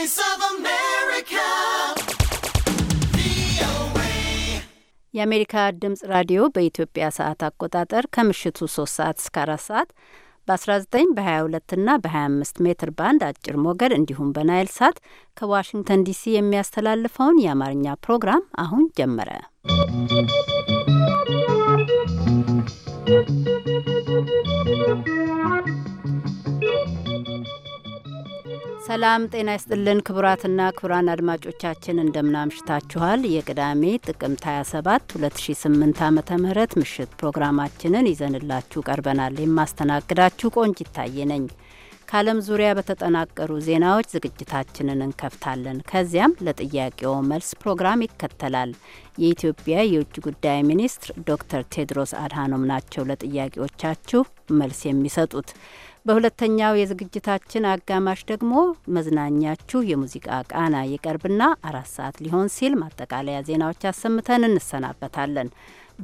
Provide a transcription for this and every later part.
Voice of America. የአሜሪካ ድምጽ ራዲዮ በኢትዮጵያ ሰዓት አቆጣጠር ከምሽቱ 3 ሰዓት እስከ 4 ሰዓት በ19 በ22 እና በ25 ሜትር ባንድ አጭር ሞገድ እንዲሁም በናይል ሳት ከዋሽንግተን ዲሲ የሚያስተላልፈውን የአማርኛ ፕሮግራም አሁን ጀመረ። ሰላም ጤና ይስጥልን ክቡራትና ክቡራን አድማጮቻችን እንደምናምሽታችኋል የቅዳሜ ጥቅምት 27 2008 ዓ ም ምሽት ፕሮግራማችንን ይዘንላችሁ ቀርበናል። የማስተናግዳችሁ ቆንጅ ይታየ ነኝ። ከዓለም ዙሪያ በተጠናቀሩ ዜናዎች ዝግጅታችንን እንከፍታለን። ከዚያም ለጥያቄው መልስ ፕሮግራም ይከተላል። የኢትዮጵያ የውጭ ጉዳይ ሚኒስትር ዶክተር ቴድሮስ አድሃኖም ናቸው ለጥያቄዎቻችሁ መልስ የሚሰጡት። በሁለተኛው የዝግጅታችን አጋማሽ ደግሞ መዝናኛችሁ የሙዚቃ ቃና ይቀርብና አራት ሰዓት ሊሆን ሲል ማጠቃለያ ዜናዎች አሰምተን እንሰናበታለን።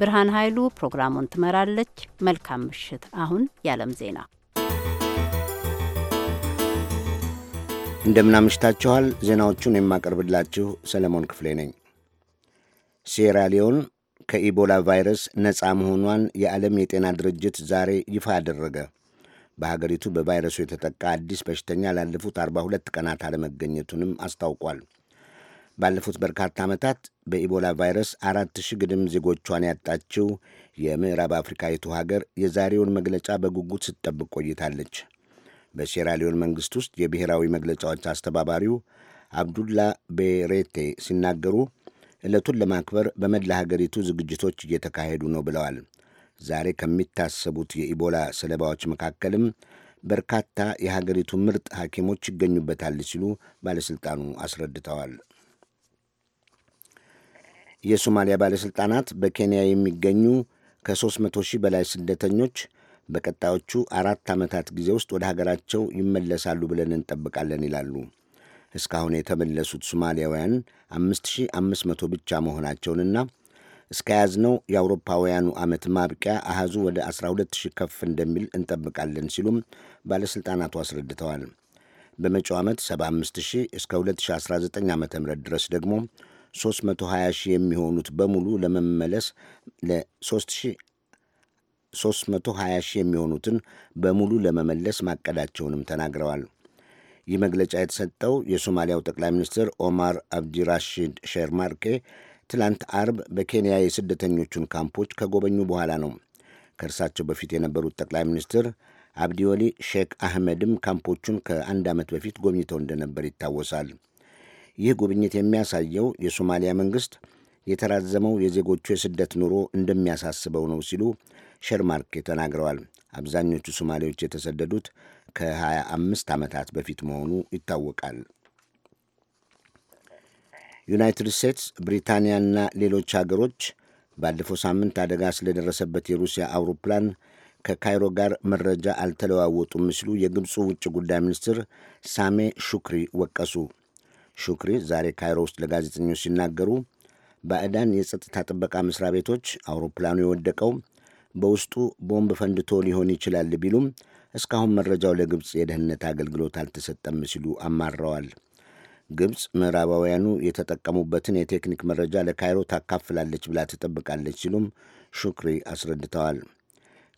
ብርሃን ኃይሉ ፕሮግራሙን ትመራለች። መልካም ምሽት። አሁን የዓለም ዜና እንደምናምሽታችኋል። ዜናዎቹን የማቀርብላችሁ ሰለሞን ክፍሌ ነኝ። ሴራሊዮን ከኢቦላ ቫይረስ ነፃ መሆኗን የዓለም የጤና ድርጅት ዛሬ ይፋ አደረገ። በሀገሪቱ በቫይረሱ የተጠቃ አዲስ በሽተኛ ላለፉት 42 ቀናት አለመገኘቱንም አስታውቋል። ባለፉት በርካታ ዓመታት በኢቦላ ቫይረስ አራት ሺህ ግድም ዜጎቿን ያጣችው የምዕራብ አፍሪካዊቱ ሀገር የዛሬውን መግለጫ በጉጉት ስትጠብቅ ቆይታለች። በሴራሊዮን መንግሥት ውስጥ የብሔራዊ መግለጫዎች አስተባባሪው አብዱላ ቤሬቴ ሲናገሩ ዕለቱን ለማክበር በመላ ሀገሪቱ ዝግጅቶች እየተካሄዱ ነው ብለዋል። ዛሬ ከሚታሰቡት የኢቦላ ሰለባዎች መካከልም በርካታ የሀገሪቱ ምርጥ ሐኪሞች ይገኙበታል ሲሉ ባለሥልጣኑ አስረድተዋል። የሶማሊያ ባለሥልጣናት በኬንያ የሚገኙ ከ300 ሺህ በላይ ስደተኞች በቀጣዮቹ አራት ዓመታት ጊዜ ውስጥ ወደ ሀገራቸው ይመለሳሉ ብለን እንጠብቃለን ይላሉ። እስካሁን የተመለሱት ሶማሊያውያን 5500 ብቻ መሆናቸውንና እስከ ነው የአውሮፓውያኑ ዓመት ማብቂያ አህዙ ወደ 120 ሺህ ከፍ እንደሚል እንጠብቃለን ሲሉም ባለሥልጣናቱ አስረድተዋል። በመጪው ዓመት 75 እስከ 2019 ዓ ም ድረስ ደግሞ 320 የሚሆኑት በሙሉ ለመመለስ ለ320 ሺህ የሚሆኑትን በሙሉ ለመመለስ ማቀዳቸውንም ተናግረዋል። ይህ መግለጫ የተሰጠው የሶማሊያው ጠቅላይ ሚኒስትር ኦማር አብዲራሺድ ሼርማርኬ ትላንት አርብ በኬንያ የስደተኞቹን ካምፖች ከጎበኙ በኋላ ነው። ከእርሳቸው በፊት የነበሩት ጠቅላይ ሚኒስትር አብዲወሊ ሼክ አህመድም ካምፖቹን ከአንድ ዓመት በፊት ጎብኝተው እንደነበር ይታወሳል። ይህ ጉብኝት የሚያሳየው የሶማሊያ መንግሥት የተራዘመው የዜጎቹ የስደት ኑሮ እንደሚያሳስበው ነው ሲሉ ሸርማርኬ ተናግረዋል። አብዛኞቹ ሶማሌዎች የተሰደዱት ከ25 ዓመታት በፊት መሆኑ ይታወቃል። ዩናይትድ ስቴትስ ብሪታንያና ሌሎች ሀገሮች ባለፈው ሳምንት አደጋ ስለደረሰበት የሩሲያ አውሮፕላን ከካይሮ ጋር መረጃ አልተለዋወጡም ሲሉ የግብፁ ውጭ ጉዳይ ሚኒስትር ሳሜ ሹክሪ ወቀሱ። ሹክሪ ዛሬ ካይሮ ውስጥ ለጋዜጠኞች ሲናገሩ ባዕዳን የጸጥታ ጥበቃ መስሪያ ቤቶች አውሮፕላኑ የወደቀው በውስጡ ቦምብ ፈንድቶ ሊሆን ይችላል ቢሉም እስካሁን መረጃው ለግብፅ የደህንነት አገልግሎት አልተሰጠም ሲሉ አማረዋል። ግብፅ ምዕራባውያኑ የተጠቀሙበትን የቴክኒክ መረጃ ለካይሮ ታካፍላለች ብላ ትጠብቃለች ሲሉም ሹክሪ አስረድተዋል።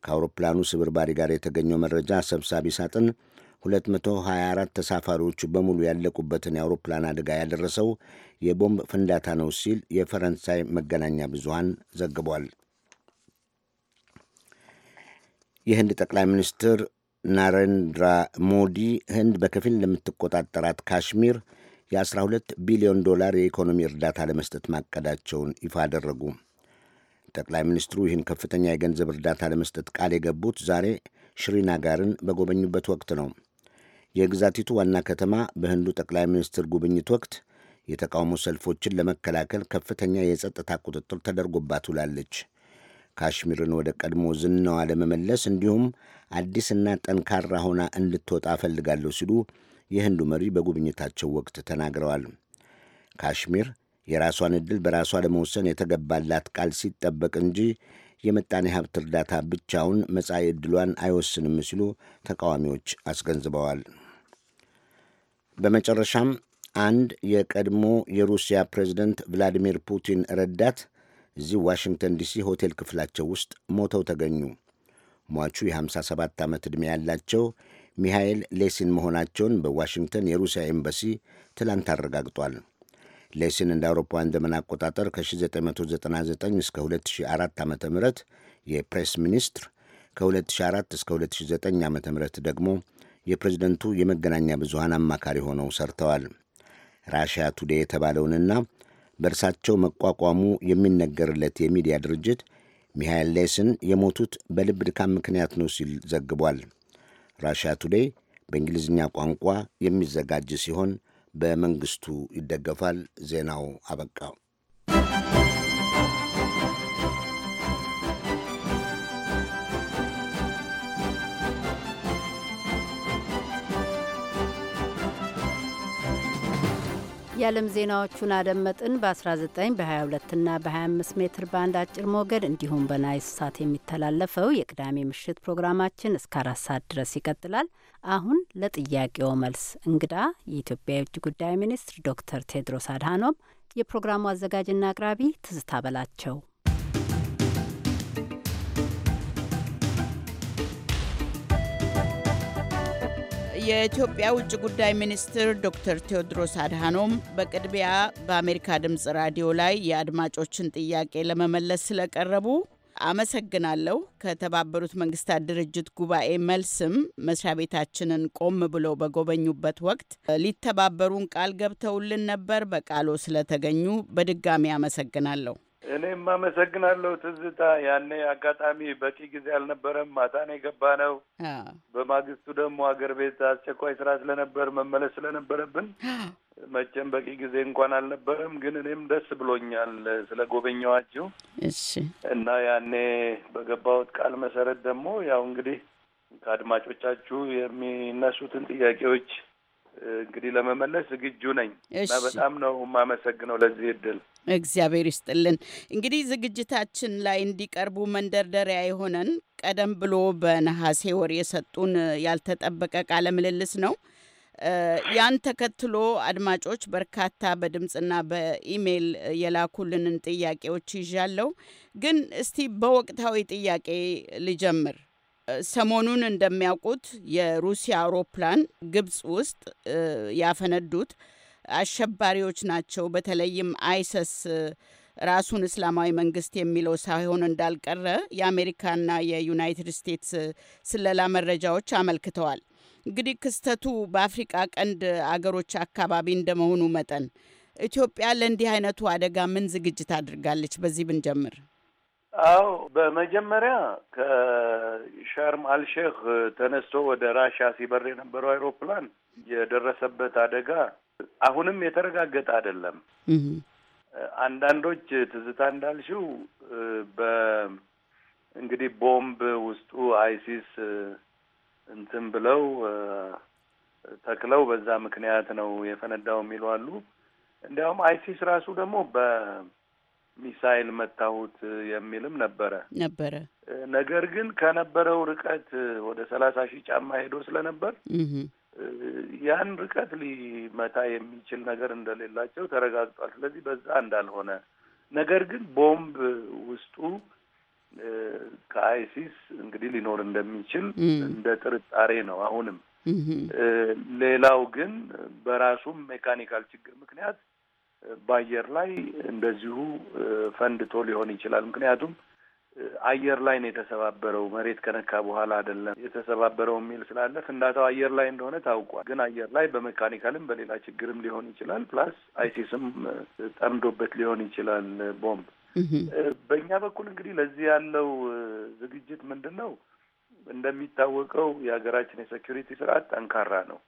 ከአውሮፕላኑ ስብርባሪ ጋር የተገኘው መረጃ ሰብሳቢ ሳጥን 224 ተሳፋሪዎቹ በሙሉ ያለቁበትን የአውሮፕላን አደጋ ያደረሰው የቦምብ ፍንዳታ ነው ሲል የፈረንሳይ መገናኛ ብዙሃን ዘግቧል። የህንድ ጠቅላይ ሚኒስትር ናሬንድራ ሞዲ ህንድ በከፊል ለምትቆጣጠራት ካሽሚር የ12 ቢሊዮን ዶላር የኢኮኖሚ እርዳታ ለመስጠት ማቀዳቸውን ይፋ አደረጉ። ጠቅላይ ሚኒስትሩ ይህን ከፍተኛ የገንዘብ እርዳታ ለመስጠት ቃል የገቡት ዛሬ ሽሪናጋርን በጎበኙበት ወቅት ነው። የግዛቲቱ ዋና ከተማ በህንዱ ጠቅላይ ሚኒስትር ጉብኝት ወቅት የተቃውሞ ሰልፎችን ለመከላከል ከፍተኛ የጸጥታ ቁጥጥር ተደርጎባት ውላለች። ካሽሚርን ወደ ቀድሞ ዝናዋ ለመመለስ እንዲሁም አዲስና ጠንካራ ሆና እንድትወጣ እፈልጋለሁ ሲሉ የህንዱ መሪ በጉብኝታቸው ወቅት ተናግረዋል። ካሽሚር የራሷን ዕድል በራሷ ለመወሰን የተገባላት ቃል ሲጠበቅ እንጂ የምጣኔ ሀብት እርዳታ ብቻውን መጻኢ ዕድሏን አይወስንም ሲሉ ተቃዋሚዎች አስገንዝበዋል። በመጨረሻም አንድ የቀድሞ የሩሲያ ፕሬዚደንት ቭላዲሚር ፑቲን ረዳት እዚህ ዋሽንግተን ዲሲ ሆቴል ክፍላቸው ውስጥ ሞተው ተገኙ። ሟቹ የ57 ዓመት ዕድሜ ያላቸው ሚሃኤል ሌሲን መሆናቸውን በዋሽንግተን የሩሲያ ኤምባሲ ትላንት አረጋግጧል። ሌሲን እንደ አውሮፓውያን ዘመን አቆጣጠር ከ1999 እስከ 2004 ዓ ም የፕሬስ ሚኒስትር፣ ከ2004 እስከ 2009 ዓ ም ደግሞ የፕሬዝደንቱ የመገናኛ ብዙሃን አማካሪ ሆነው ሰርተዋል። ራሽያ ቱዴ የተባለውንና በእርሳቸው መቋቋሙ የሚነገርለት የሚዲያ ድርጅት ሚሃኤል ሌስን የሞቱት በልብ ድካም ምክንያት ነው ሲል ዘግቧል። ራሽያ ቱዴ በእንግሊዝኛ ቋንቋ የሚዘጋጅ ሲሆን በመንግስቱ ይደገፋል። ዜናው አበቃ። የዓለም ዜናዎቹን አደመጥን። በ19 በ22 እና በ25 ሜትር ባንድ አጭር ሞገድ እንዲሁም በናይል ሳት የሚተላለፈው የቅዳሜ ምሽት ፕሮግራማችን እስከ አራት ሰዓት ድረስ ይቀጥላል። አሁን ለጥያቄው መልስ እንግዳ የኢትዮጵያ የውጭ ጉዳይ ሚኒስትር ዶክተር ቴድሮስ አድሃኖም፣ የፕሮግራሙ አዘጋጅና አቅራቢ ትዝታ በላቸው። የኢትዮጵያ ውጭ ጉዳይ ሚኒስትር ዶክተር ቴዎድሮስ አድሃኖም በቅድሚያ በአሜሪካ ድምፅ ራዲዮ ላይ የአድማጮችን ጥያቄ ለመመለስ ስለቀረቡ አመሰግናለሁ። ከተባበሩት መንግስታት ድርጅት ጉባኤ መልስም መስሪያ ቤታችንን ቆም ብሎ በጎበኙበት ወቅት ሊተባበሩን ቃል ገብተውልን ነበር። በቃሎ ስለተገኙ በድጋሚ አመሰግናለሁ። እኔም አመሰግናለሁ ትዝታ። ያኔ አጋጣሚ በቂ ጊዜ አልነበረም፣ ማታ ነው የገባነው። በማግስቱ ደግሞ አገር ቤት አስቸኳይ ስራ ስለነበር መመለስ ስለነበረብን መቼም በቂ ጊዜ እንኳን አልነበረም። ግን እኔም ደስ ብሎኛል ስለ ጎበኘዋችሁ እና ያኔ በገባሁት ቃል መሰረት ደግሞ ያው እንግዲህ ከአድማጮቻችሁ የሚነሱትን ጥያቄዎች እንግዲህ ለመመለስ ዝግጁ ነኝ እና በጣም ነው የማመሰግነው ለዚህ እድል። እግዚአብሔር ይስጥልን። እንግዲህ ዝግጅታችን ላይ እንዲቀርቡ መንደርደሪያ የሆነን ቀደም ብሎ በነሐሴ ወር የሰጡን ያልተጠበቀ ቃለ ምልልስ ነው። ያን ተከትሎ አድማጮች በርካታ በድምፅና በኢሜይል የላኩልንን ጥያቄዎች ይዣለሁ። ግን እስቲ በወቅታዊ ጥያቄ ልጀምር። ሰሞኑን እንደሚያውቁት የሩሲያ አውሮፕላን ግብጽ ውስጥ ያፈነዱት አሸባሪዎች ናቸው። በተለይም አይሰስ ራሱን እስላማዊ መንግስት የሚለው ሳይሆን እንዳልቀረ የአሜሪካና የዩናይትድ ስቴትስ ስለላ መረጃዎች አመልክተዋል። እንግዲህ ክስተቱ በአፍሪቃ ቀንድ አገሮች አካባቢ እንደመሆኑ መጠን ኢትዮጵያ ለእንዲህ አይነቱ አደጋ ምን ዝግጅት አድርጋለች? በዚህ ብንጀምር አዎ በመጀመሪያ ከሻርም አልሼክ ተነስቶ ወደ ራሻ ሲበር የነበረው አይሮፕላን የደረሰበት አደጋ አሁንም የተረጋገጠ አይደለም። አንዳንዶች ትዝታ እንዳልሽው በእንግዲህ ቦምብ ውስጡ አይሲስ እንትን ብለው ተክለው በዛ ምክንያት ነው የፈነዳው የሚሉ አሉ። እንዲያውም አይሲስ ራሱ ደግሞ በ- ሚሳይል መታሁት የሚልም ነበረ ነበረ። ነገር ግን ከነበረው ርቀት ወደ ሰላሳ ሺህ ጫማ ሄዶ ስለነበር ያን ርቀት ሊመታ የሚችል ነገር እንደሌላቸው ተረጋግጧል። ስለዚህ በዛ እንዳልሆነ ነገር ግን ቦምብ ውስጡ ከአይሲስ እንግዲህ ሊኖር እንደሚችል እንደ ጥርጣሬ ነው አሁንም። ሌላው ግን በራሱም ሜካኒካል ችግር ምክንያት በአየር ላይ እንደዚሁ ፈንድቶ ሊሆን ይችላል። ምክንያቱም አየር ላይ ነው የተሰባበረው፣ መሬት ከነካ በኋላ አይደለም የተሰባበረው የሚል ስላለ ፍንዳታው አየር ላይ እንደሆነ ታውቋል። ግን አየር ላይ በሜካኒካልም በሌላ ችግርም ሊሆን ይችላል። ፕላስ አይሲስም ጠምዶበት ሊሆን ይችላል ቦምብ። በእኛ በኩል እንግዲህ ለዚህ ያለው ዝግጅት ምንድን ነው? እንደሚታወቀው የሀገራችን የሴኪሪቲ ስርዓት ጠንካራ ነው።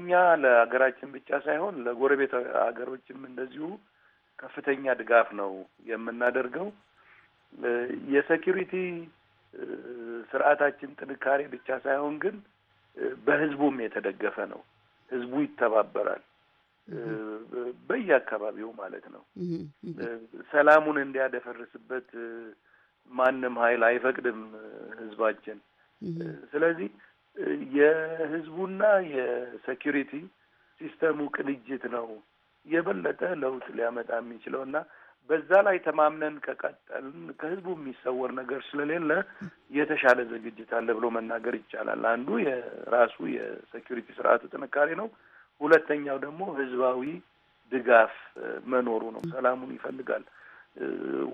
እኛ ለሀገራችን ብቻ ሳይሆን ለጎረቤት ሀገሮችም እንደዚሁ ከፍተኛ ድጋፍ ነው የምናደርገው። የሴኪሪቲ ስርዓታችን ጥንካሬ ብቻ ሳይሆን ግን በህዝቡም የተደገፈ ነው። ህዝቡ ይተባበራል፣ በየአካባቢው ማለት ነው። ሰላሙን እንዲያደፈርስበት ማንም ኃይል አይፈቅድም ህዝባችን። ስለዚህ የህዝቡና የሴኪሪቲ ሲስተሙ ቅንጅት ነው የበለጠ ለውጥ ሊያመጣ የሚችለው እና በዛ ላይ ተማምነን ከቀጠልን ከህዝቡ የሚሰወር ነገር ስለሌለ የተሻለ ዝግጅት አለ ብሎ መናገር ይቻላል። አንዱ የራሱ የሴኪሪቲ ስርዓቱ ጥንካሬ ነው። ሁለተኛው ደግሞ ህዝባዊ ድጋፍ መኖሩ ነው። ሰላሙን ይፈልጋል።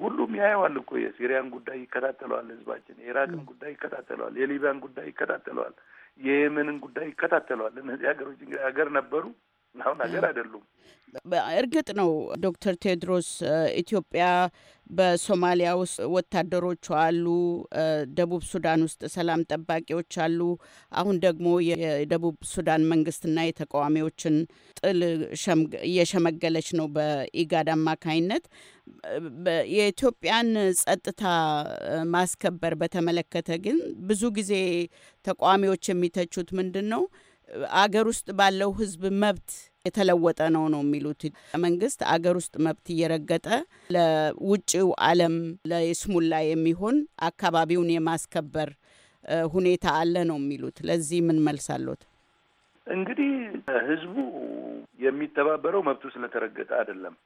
ሁሉም ያየዋል እኮ የሲሪያን ጉዳይ ይከታተለዋል፣ ህዝባችን የኢራቅን ጉዳይ ይከታተለዋል፣ የሊቢያን ጉዳይ ይከታተለዋል፣ የየመንን ጉዳይ ይከታተለዋል። እነዚህ ሀገሮች እንግዲህ ሀገር ነበሩ ምናምን ነገር አይደሉም። እርግጥ ነው ዶክተር ቴድሮስ ኢትዮጵያ በሶማሊያ ውስጥ ወታደሮቹ አሉ፣ ደቡብ ሱዳን ውስጥ ሰላም ጠባቂዎች አሉ። አሁን ደግሞ የደቡብ ሱዳን መንግስትና የተቃዋሚዎችን ጥል እየሸመገለች ነው በኢጋድ አማካይነት። የኢትዮጵያን ጸጥታ ማስከበር በተመለከተ ግን ብዙ ጊዜ ተቃዋሚዎች የሚተቹት ምንድን ነው አገር ውስጥ ባለው ህዝብ መብት የተለወጠ ነው ነው የሚሉት። መንግስት አገር ውስጥ መብት እየረገጠ ለውጭው ዓለም ለይስሙላ የሚሆን አካባቢውን የማስከበር ሁኔታ አለ ነው የሚሉት። ለዚህ ምን መልስ አለዎት? እንግዲህ ህዝቡ የሚተባበረው መብቱ ስለተረገጠ አይደለም፣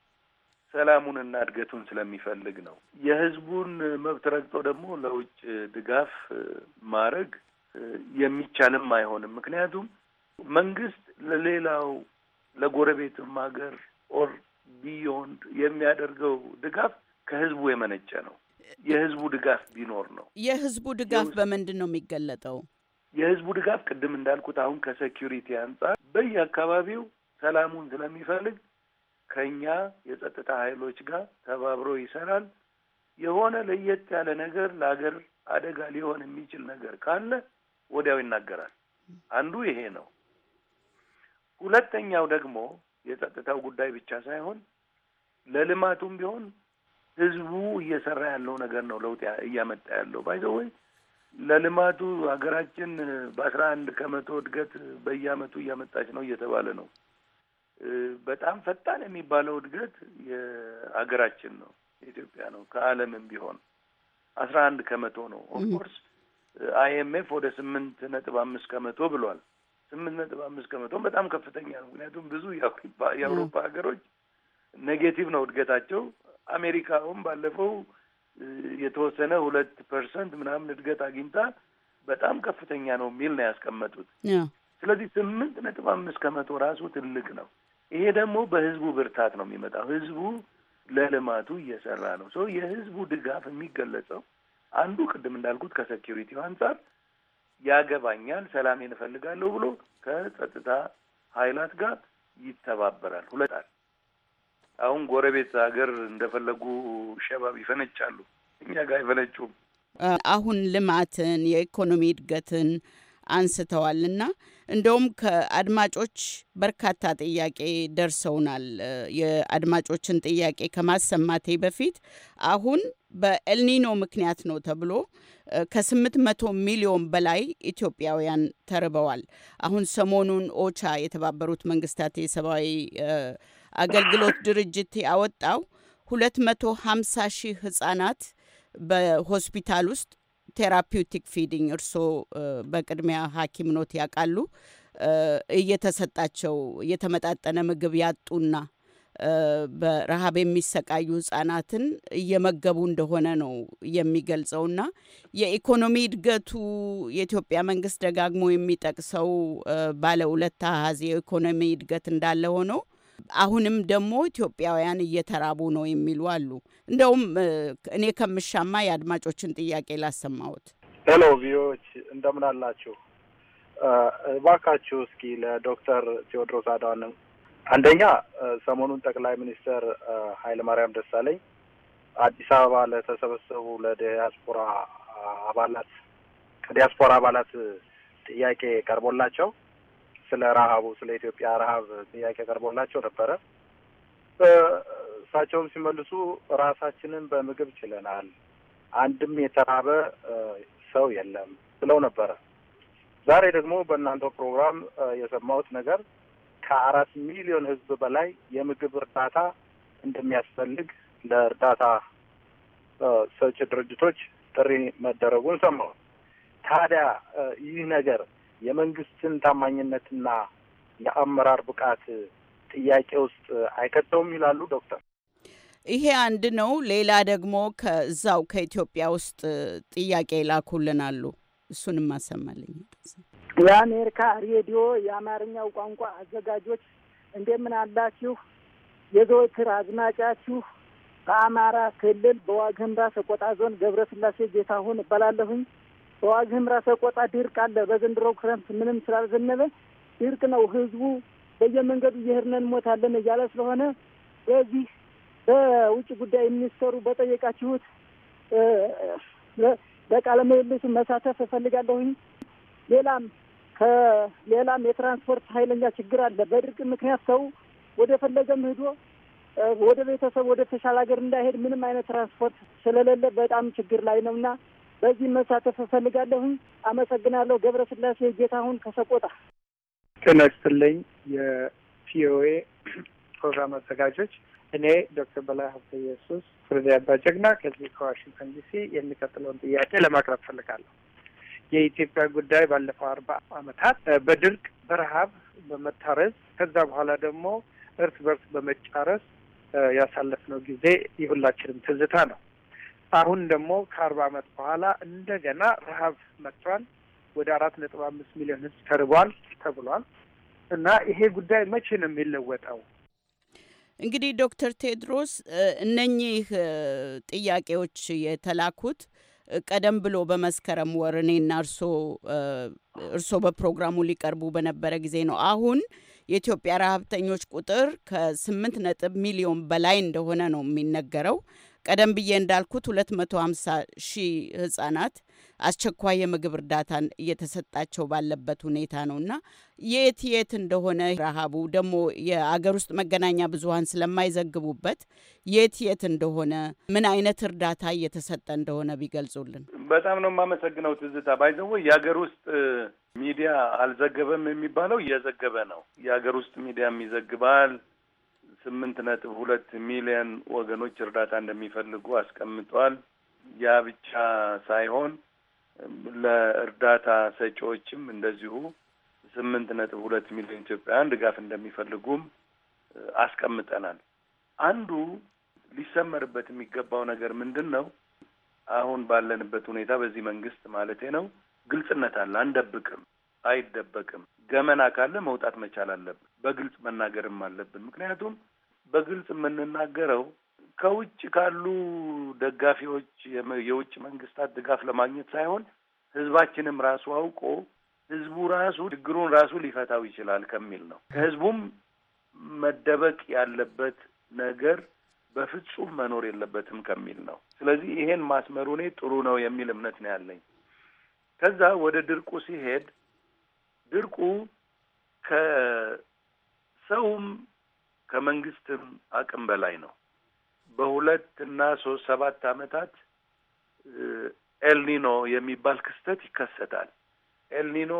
ሰላሙንና እድገቱን ስለሚፈልግ ነው። የህዝቡን መብት ረግጦ ደግሞ ለውጭ ድጋፍ ማድረግ የሚቻልም አይሆንም። ምክንያቱም መንግስት ለሌላው ለጎረቤትም ሀገር ኦር ቢዮንድ የሚያደርገው ድጋፍ ከህዝቡ የመነጨ ነው። የህዝቡ ድጋፍ ቢኖር ነው። የህዝቡ ድጋፍ በምንድን ነው የሚገለጠው? የህዝቡ ድጋፍ ቅድም እንዳልኩት አሁን ከሴኪሪቲ አንጻር በየአካባቢው ሰላሙን ስለሚፈልግ ከኛ የጸጥታ ኃይሎች ጋር ተባብሮ ይሰራል። የሆነ ለየት ያለ ነገር ለሀገር አደጋ ሊሆን የሚችል ነገር ካለ ወዲያው ይናገራል። አንዱ ይሄ ነው። ሁለተኛው ደግሞ የጸጥታው ጉዳይ ብቻ ሳይሆን ለልማቱም ቢሆን ህዝቡ እየሰራ ያለው ነገር ነው ለውጥ እያመጣ ያለው ባይዘ ወይ ለልማቱ ሀገራችን በአስራ አንድ ከመቶ እድገት በየአመቱ እያመጣች ነው እየተባለ ነው። በጣም ፈጣን የሚባለው እድገት የሀገራችን ነው የኢትዮጵያ ነው። ከዓለምም ቢሆን አስራ አንድ ከመቶ ነው። ኦፍኮርስ አይኤምኤፍ ወደ ስምንት ነጥብ አምስት ከመቶ ብሏል። ስምንት ነጥብ አምስት ከመቶም በጣም ከፍተኛ ነው። ምክንያቱም ብዙ የአውሮፓ ሀገሮች ኔጌቲቭ ነው እድገታቸው። አሜሪካውም ባለፈው የተወሰነ ሁለት ፐርሰንት ምናምን እድገት አግኝታ በጣም ከፍተኛ ነው የሚል ነው ያስቀመጡት። ስለዚህ ስምንት ነጥብ አምስት ከመቶ ራሱ ትልቅ ነው። ይሄ ደግሞ በህዝቡ ብርታት ነው የሚመጣው። ህዝቡ ለልማቱ እየሰራ ነው። ሰው የህዝቡ ድጋፍ የሚገለጸው አንዱ ቅድም እንዳልኩት ከሴኪሪቲው አንጻር ያገባኛል፣ ሰላሜን እፈልጋለሁ ብሎ ከጸጥታ ኃይላት ጋር ይተባበራል። ሁለታል አሁን ጎረቤት ሀገር እንደፈለጉ ሸባብ ይፈነጫሉ፣ እኛ ጋር አይፈነጩም። አሁን ልማትን የኢኮኖሚ እድገትን አንስተዋልና እንደውም ከአድማጮች በርካታ ጥያቄ ደርሰውናል። የአድማጮችን ጥያቄ ከማሰማቴ በፊት አሁን በኤልኒኖ ምክንያት ነው ተብሎ ከ መቶ ሚሊዮን በላይ ኢትዮጵያውያን ተርበዋል። አሁን ሰሞኑን ኦቻ የተባበሩት መንግስታት የሰብአዊ አገልግሎት ድርጅት ያወጣው 250 ሺህ ህጻናት በሆስፒታል ውስጥ ቴራፒውቲክ ፊዲንግ እርስዎ በቅድሚያ ሐኪም ኖት ያውቃሉ። እየተሰጣቸው የተመጣጠነ ምግብ ያጡና በረሃብ የሚሰቃዩ ህጻናትን እየመገቡ እንደሆነ ነው የሚገልጸውና የኢኮኖሚ እድገቱ የኢትዮጵያ መንግስት ደጋግሞ የሚጠቅሰው ባለ ሁለት አሃዝ የኢኮኖሚ እድገት እንዳለ ሆነው አሁንም ደግሞ ኢትዮጵያውያን እየተራቡ ነው የሚሉ አሉ። እንደውም እኔ ከምሻማ የአድማጮችን ጥያቄ ላሰማሁት። ሄሎ ቪዎች እንደምን አላችሁ? እባካችሁ እስኪ ለዶክተር ቴዎድሮስ አድሃኖም አንደኛ ሰሞኑን ጠቅላይ ሚኒስትር ኃይለማርያም ደሳለኝ አዲስ አበባ ለተሰበሰቡ ለዲያስፖራ አባላት ከዲያስፖራ አባላት ጥያቄ ቀርቦላቸው ስለ ረሀቡ ስለ ኢትዮጵያ ረሀብ ጥያቄ ቀርቦላቸው ነበረ። እሳቸውም ሲመልሱ ራሳችንን በምግብ ችለናል፣ አንድም የተራበ ሰው የለም ብለው ነበረ። ዛሬ ደግሞ በእናንተ ፕሮግራም የሰማሁት ነገር ከአራት ሚሊዮን ህዝብ በላይ የምግብ እርዳታ እንደሚያስፈልግ ለእርዳታ ሰጪ ድርጅቶች ጥሪ መደረጉን ሰማሁ። ታዲያ ይህ ነገር የመንግስትን ታማኝነትና የአመራር ብቃት ጥያቄ ውስጥ አይከተውም ይላሉ ዶክተር። ይሄ አንድ ነው። ሌላ ደግሞ ከዛው ከኢትዮጵያ ውስጥ ጥያቄ ይላኩልናሉ። እሱንም አሰማልኝ። የአሜሪካ ሬዲዮ የአማርኛው ቋንቋ አዘጋጆች እንደምን አላችሁ? የዘወትር አዝናጫችሁ በአማራ ክልል በዋግኽምራ ሰቆጣ ዞን ገብረስላሴ ጌታሁን እባላለሁኝ። በዋግህም ራሰ ቆጣ ድርቅ አለ። በዘንድሮ ክረምት ምንም ስላልዘነበ ድርቅ ነው። ህዝቡ በየመንገዱ እየሄድን እንሞታለን እያለ ስለሆነ በዚህ በውጭ ጉዳይ ሚኒስተሩ በጠየቃችሁት በቃለ ምልልሱ መሳተፍ እፈልጋለሁኝ። ሌላም ከሌላም የትራንስፖርት ኃይለኛ ችግር አለ። በድርቅ ምክንያት ሰው ወደ ፈለገም ሂዶ ወደ ቤተሰብ ወደ ተሻለ ሀገር እንዳይሄድ ምንም አይነት ትራንስፖርት ስለሌለ በጣም ችግር ላይ ነው እና በዚህ መሳተፍ እፈልጋለሁኝ። አመሰግናለሁ። ገብረስላሴ ጌታሁን ከሰቆጣ። ጤና ይስጥልኝ የቪኦኤ ፕሮግራም አዘጋጆች። እኔ ዶክተር በላይ ሀብተ ኢየሱስ ፍርድ አባ ጀግና ከዚህ ከዋሽንግተን ዲሲ የሚቀጥለውን ጥያቄ ለማቅረብ እፈልጋለሁ። የኢትዮጵያ ጉዳይ ባለፈው አርባ ዓመታት በድርቅ በረሀብ በመታረስ ከዛ በኋላ ደግሞ እርስ በርስ በመጫረስ ያሳለፍነው ጊዜ የሁላችንም ትዝታ ነው። አሁን ደግሞ ከአርባ ዓመት በኋላ እንደገና ረሀብ መጥቷል። ወደ አራት ነጥብ አምስት ሚሊዮን ህዝብ ተርቧል ተብሏል። እና ይሄ ጉዳይ መቼ ነው የሚለወጠው? እንግዲህ ዶክተር ቴድሮስ እነኚህ ጥያቄዎች የተላኩት ቀደም ብሎ በመስከረም ወር እኔና እርሶ እርሶ በፕሮግራሙ ሊቀርቡ በነበረ ጊዜ ነው። አሁን የኢትዮጵያ ረሀብተኞች ቁጥር ከስምንት ነጥብ ሚሊዮን በላይ እንደሆነ ነው የሚነገረው። ቀደም ብዬ እንዳልኩት 250 ሺህ ህጻናት አስቸኳይ የምግብ እርዳታን እየተሰጣቸው ባለበት ሁኔታ ነው እና የት የት እንደሆነ ረሃቡ ደግሞ የአገር ውስጥ መገናኛ ብዙኃን ስለማይዘግቡበት የት የት እንደሆነ ምን አይነት እርዳታ እየተሰጠ እንደሆነ ቢገልጹልን በጣም ነው የማመሰግነው። ትዝታ ባይዘወ የአገር ውስጥ ሚዲያ አልዘገበም የሚባለው እየዘገበ ነው። የአገር ውስጥ ሚዲያም ይዘግባል። ስምንት ነጥብ ሁለት ሚሊዮን ወገኖች እርዳታ እንደሚፈልጉ አስቀምጧል። ያ ብቻ ሳይሆን ለእርዳታ ሰጪዎችም እንደዚሁ ስምንት ነጥብ ሁለት ሚሊዮን ኢትዮጵያውያን ድጋፍ እንደሚፈልጉም አስቀምጠናል። አንዱ ሊሰመርበት የሚገባው ነገር ምንድን ነው? አሁን ባለንበት ሁኔታ በዚህ መንግስት ማለቴ ነው ግልጽነት አለ። አንደብቅም፣ አይደበቅም። ገመና ካለ መውጣት መቻል አለብን። በግልጽ መናገርም አለብን። ምክንያቱም በግልጽ የምንናገረው ከውጭ ካሉ ደጋፊዎች የውጭ መንግስታት ድጋፍ ለማግኘት ሳይሆን ህዝባችንም ራሱ አውቆ ህዝቡ ራሱ ችግሩን ራሱ ሊፈታው ይችላል ከሚል ነው። ከህዝቡም መደበቅ ያለበት ነገር በፍጹም መኖር የለበትም ከሚል ነው። ስለዚህ ይሄን ማስመሩ እኔ ጥሩ ነው የሚል እምነት ነው ያለኝ። ከዛ ወደ ድርቁ ሲሄድ ድርቁ ከሰውም ከመንግስትም አቅም በላይ ነው። በሁለት እና ሶስት ሰባት አመታት ኤልኒኖ የሚባል ክስተት ይከሰታል። ኤልኒኖ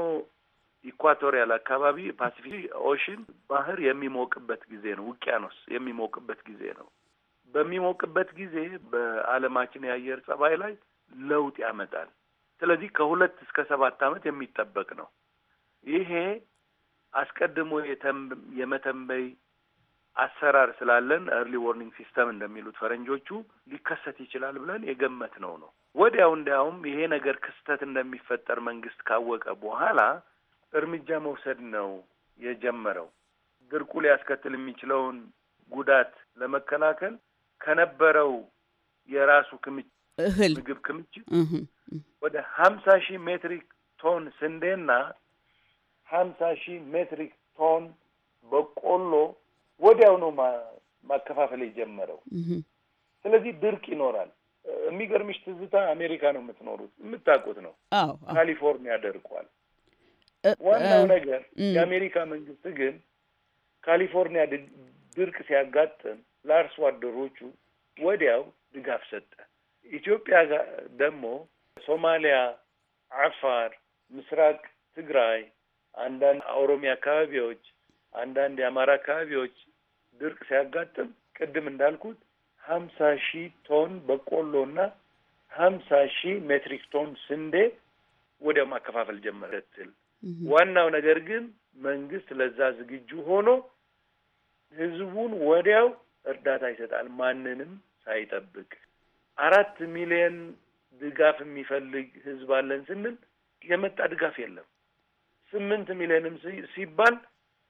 ኢኳቶሪያል አካባቢ ፓሲፊክ ኦሽን ባህር የሚሞቅበት ጊዜ ነው። ውቅያኖስ የሚሞቅበት ጊዜ ነው። በሚሞቅበት ጊዜ በዓለማችን የአየር ጸባይ ላይ ለውጥ ያመጣል። ስለዚህ ከሁለት እስከ ሰባት ዓመት የሚጠበቅ ነው። ይሄ አስቀድሞ የተንብ የመተንበይ አሰራር ስላለን ኤርሊ ዎርኒንግ ሲስተም እንደሚሉት ፈረንጆቹ ሊከሰት ይችላል ብለን የገመት ነው ነው ወዲያው እንዲያውም ይሄ ነገር ክስተት እንደሚፈጠር መንግስት ካወቀ በኋላ እርምጃ መውሰድ ነው የጀመረው። ድርቁ ሊያስከትል የሚችለውን ጉዳት ለመከላከል ከነበረው የራሱ ክምች እህል ምግብ ክምችት ወደ ሀምሳ ሺህ ሜትሪክ ቶን ስንዴና ሀምሳ ሺህ ሜትሪክ ቶን በቆሎ ወዲያውኑ ማከፋፈል የጀመረው። ስለዚህ ድርቅ ይኖራል። የሚገርምሽ ትዝታ አሜሪካ ነው የምትኖሩት፣ የምታውቁት ነው። ካሊፎርኒያ ደርቋል። ዋናው ነገር የአሜሪካ መንግስት ግን ካሊፎርኒያ ድርቅ ሲያጋጥም ለአርሶ አደሮቹ ወዲያው ድጋፍ ሰጠ። ኢትዮጵያ ጋር ደግሞ ሶማሊያ፣ አፋር፣ ምስራቅ ትግራይ፣ አንዳንድ ኦሮሚያ አካባቢዎች፣ አንዳንድ የአማራ አካባቢዎች ድርቅ ሲያጋጥም ቅድም እንዳልኩት ሀምሳ ሺህ ቶን በቆሎ ና ሀምሳ ሺህ ሜትሪክ ቶን ስንዴ ወዲያው ማከፋፈል ጀመረ ትል ዋናው ነገር ግን መንግስት ለዛ ዝግጁ ሆኖ ህዝቡን ወዲያው እርዳታ ይሰጣል፣ ማንንም ሳይጠብቅ። አራት ሚሊዮን ድጋፍ የሚፈልግ ህዝብ አለን ስንል የመጣ ድጋፍ የለም። ስምንት ሚሊዮንም ሲባል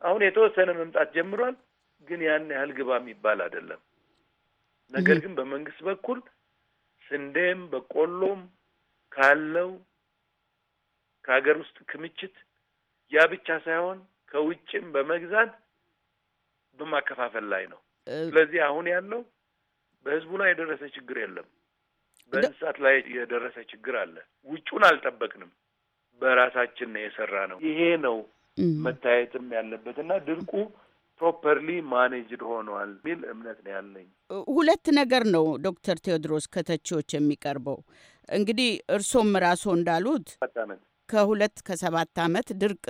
አሁን የተወሰነ መምጣት ጀምሯል። ግን ያን ያህል ግባ የሚባል አይደለም። ነገር ግን በመንግስት በኩል ስንዴም በቆሎም ካለው ከሀገር ውስጥ ክምችት ያ ብቻ ሳይሆን ከውጭም በመግዛት በማከፋፈል ላይ ነው። ስለዚህ አሁን ያለው በህዝቡ ላይ የደረሰ ችግር የለም። በእንስሳት ላይ የደረሰ ችግር አለ። ውጩን አልጠበቅንም። በራሳችን ነው የሰራ ነው። ይሄ ነው መታየትም ያለበት እና ድርቁ ፕሮፐርሊ ማኔጅድ ሆኗል የሚል እምነት ነው ያለኝ። ሁለት ነገር ነው ዶክተር ቴዎድሮስ ከተቺዎች የሚቀርበው እንግዲህ እርሶም ራስዎ እንዳሉት ከሁለት ከሰባት ዓመት ድርቅ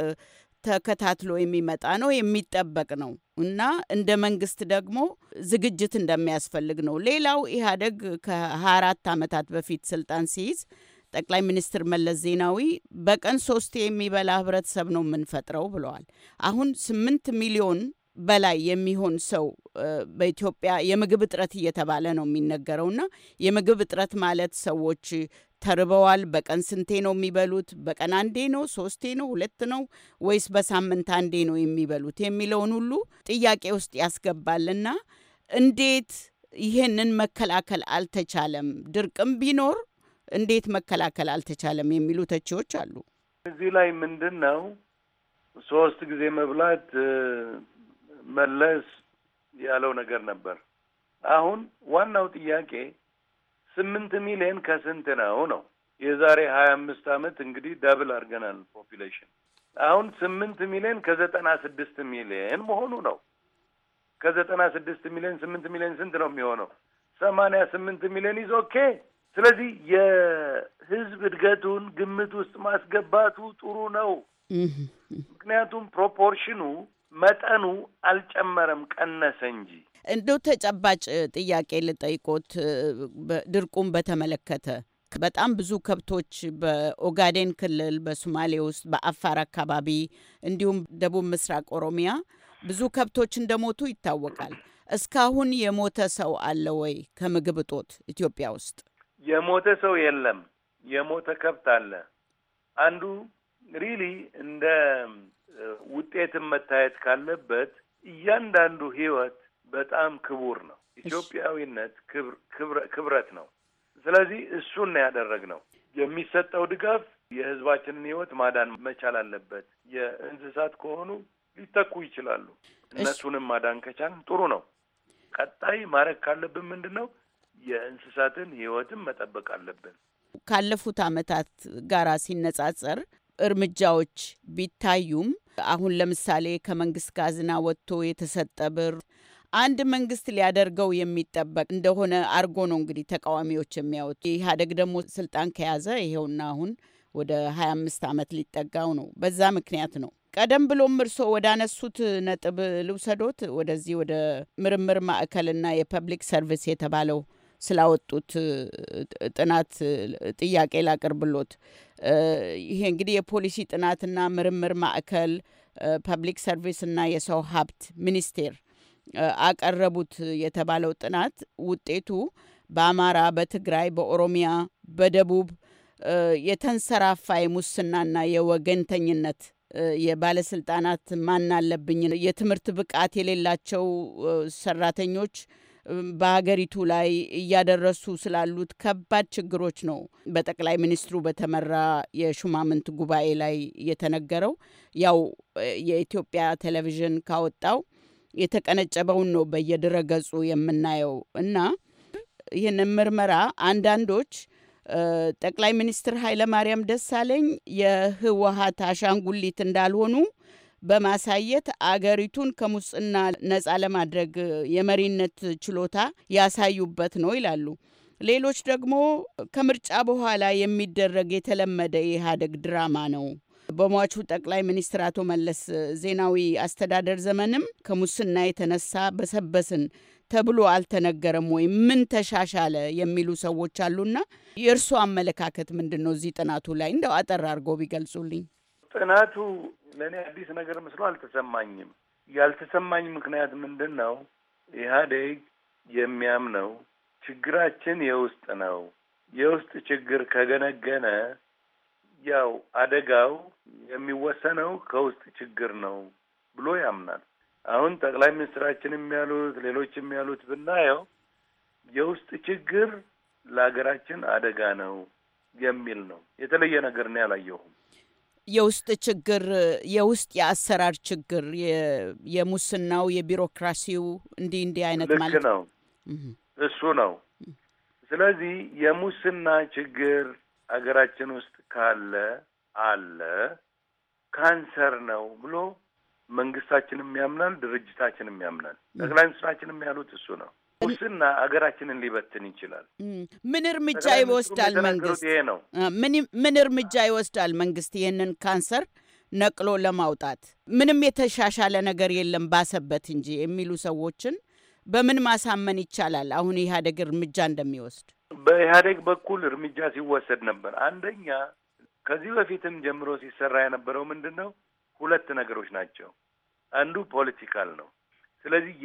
ተከታትሎ የሚመጣ ነው የሚጠበቅ ነው እና እንደ መንግስት ደግሞ ዝግጅት እንደሚያስፈልግ ነው። ሌላው ኢህአደግ ከሀያ አራት ዓመታት በፊት ስልጣን ሲይዝ ጠቅላይ ሚኒስትር መለስ ዜናዊ በቀን ሶስት የሚበላ ህብረተሰብ ነው የምንፈጥረው ብለዋል። አሁን ስምንት ሚሊዮን በላይ የሚሆን ሰው በኢትዮጵያ የምግብ እጥረት እየተባለ ነው የሚነገረውና የምግብ እጥረት ማለት ሰዎች ተርበዋል። በቀን ስንቴ ነው የሚበሉት? በቀን አንዴ ነው፣ ሶስቴ ነው፣ ሁለት ነው ወይስ በሳምንት አንዴ ነው የሚበሉት የሚለውን ሁሉ ጥያቄ ውስጥ ያስገባልና እንዴት ይህንን መከላከል አልተቻለም? ድርቅም ቢኖር እንዴት መከላከል አልተቻለም የሚሉ ተቺዎች አሉ። እዚህ ላይ ምንድን ነው ሶስት ጊዜ መብላት መለስ ያለው ነገር ነበር። አሁን ዋናው ጥያቄ ስምንት ሚሊዮን ከስንት ነው ነው። የዛሬ ሀያ አምስት አመት እንግዲህ ዳብል አድርገናል ፖፒሌሽን። አሁን ስምንት ሚሊዮን ከዘጠና ስድስት ሚሊዮን መሆኑ ነው። ከዘጠና ስድስት ሚሊዮን ስምንት ሚሊዮን ስንት ነው የሚሆነው? ሰማንያ ስምንት ሚሊዮን ይዞ ኦኬ። ስለዚህ የህዝብ እድገቱን ግምት ውስጥ ማስገባቱ ጥሩ ነው። ምክንያቱም ፕሮፖርሽኑ መጠኑ አልጨመረም፣ ቀነሰ እንጂ። እንደው ተጨባጭ ጥያቄ ልጠይቆት፣ ድርቁን በተመለከተ በጣም ብዙ ከብቶች በኦጋዴን ክልል፣ በሶማሌ ውስጥ፣ በአፋር አካባቢ እንዲሁም ደቡብ ምስራቅ ኦሮሚያ ብዙ ከብቶች እንደሞቱ ይታወቃል። እስካሁን የሞተ ሰው አለ ወይ? ከምግብ እጦት ኢትዮጵያ ውስጥ የሞተ ሰው የለም። የሞተ ከብት አለ። አንዱ ሪሊ እንደ ውጤትን መታየት ካለበት እያንዳንዱ ህይወት በጣም ክቡር ነው። ኢትዮጵያዊነት ክብረት ነው። ስለዚህ እሱን ነው ያደረግነው። የሚሰጠው ድጋፍ የህዝባችንን ህይወት ማዳን መቻል አለበት። የእንስሳት ከሆኑ ሊተኩ ይችላሉ። እነሱንም ማዳን ከቻል ጥሩ ነው። ቀጣይ ማድረግ ካለብን ምንድን ነው? የእንስሳትን ህይወትን መጠበቅ አለብን። ካለፉት አመታት ጋራ ሲነጻጸር እርምጃዎች ቢታዩም አሁን ለምሳሌ ከመንግስት ካዝና ወጥቶ የተሰጠ ብር አንድ መንግስት ሊያደርገው የሚጠበቅ እንደሆነ አድርጎ ነው እንግዲህ ተቃዋሚዎች የሚያወጡ። ኢህአዴግ ደግሞ ስልጣን ከያዘ ይሄውና አሁን ወደ 25 ዓመት ሊጠጋው ነው። በዛ ምክንያት ነው። ቀደም ብሎም እርስዎ ወዳነሱት ነጥብ ልውሰዶት ወደዚህ ወደ ምርምር ማዕከልና የፐብሊክ ሰርቪስ የተባለው ስላወጡት ጥናት ጥያቄ ላቅርብሎት። ይሄ እንግዲህ የፖሊሲ ጥናትና ምርምር ማዕከል ፐብሊክ ሰርቪስ እና የሰው ሀብት ሚኒስቴር አቀረቡት የተባለው ጥናት ውጤቱ በአማራ፣ በትግራይ፣ በኦሮሚያ፣ በደቡብ የተንሰራፋ የሙስናና የወገንተኝነት የባለስልጣናት ማናለብኝ የትምህርት ብቃት የሌላቸው ሰራተኞች በሀገሪቱ ላይ እያደረሱ ስላሉት ከባድ ችግሮች ነው በጠቅላይ ሚኒስትሩ በተመራ የሹማምንት ጉባኤ ላይ የተነገረው። ያው የኢትዮጵያ ቴሌቪዥን ካወጣው የተቀነጨበውን ነው በየድረ ገጹ የምናየው እና ይህንን ምርመራ አንዳንዶች ጠቅላይ ሚኒስትር ኃይለማርያም ደሳለኝ የህወሀት አሻንጉሊት እንዳልሆኑ በማሳየት አገሪቱን ከሙስና ነጻ ለማድረግ የመሪነት ችሎታ ያሳዩበት ነው ይላሉ። ሌሎች ደግሞ ከምርጫ በኋላ የሚደረግ የተለመደ የኢህአዴግ ድራማ ነው። በሟቹ ጠቅላይ ሚኒስትር አቶ መለስ ዜናዊ አስተዳደር ዘመንም ከሙስና የተነሳ በሰበስን ተብሎ አልተነገረም ወይም ምን ተሻሻለ የሚሉ ሰዎች አሉና የእርስዎ አመለካከት ምንድን ነው? እዚህ ጥናቱ ላይ እንደው አጠር አድርጎ ቢገልጹልኝ። ጥናቱ ለእኔ አዲስ ነገር መስሎ አልተሰማኝም። ያልተሰማኝ ምክንያት ምንድን ነው? ኢህአዴግ የሚያምነው ችግራችን የውስጥ ነው። የውስጥ ችግር ከገነገነ ያው አደጋው የሚወሰነው ከውስጥ ችግር ነው ብሎ ያምናል። አሁን ጠቅላይ ሚኒስትራችን የሚያሉት ሌሎች የሚያሉት ብናየው የውስጥ ችግር ለሀገራችን አደጋ ነው የሚል ነው። የተለየ ነገር ነው ያላየሁም። የውስጥ ችግር የውስጥ የአሰራር ችግር የሙስናው፣ የቢሮክራሲው እንዲህ እንዲህ አይነት ማለት ነው። እሱ ነው። ስለዚህ የሙስና ችግር አገራችን ውስጥ ካለ አለ ካንሰር ነው ብሎ መንግስታችንም ያምናል፣ ድርጅታችንም ያምናል። ጠቅላይ ሚኒስትራችንም ያሉት እሱ ነው። ሙስና ሀገራችንን ሊበትን ይችላል። ምን እርምጃ ይወስዳል መንግስት? ይሄ ነው ምን እርምጃ ይወስዳል መንግስት ይህንን ካንሰር ነቅሎ ለማውጣት ምንም የተሻሻለ ነገር የለም ባሰበት እንጂ የሚሉ ሰዎችን በምን ማሳመን ይቻላል? አሁን ኢህአዴግ እርምጃ እንደሚወስድ በኢህአዴግ በኩል እርምጃ ሲወሰድ ነበር። አንደኛ ከዚህ በፊትም ጀምሮ ሲሰራ የነበረው ምንድን ነው? ሁለት ነገሮች ናቸው። አንዱ ፖለቲካል ነው። ስለዚህ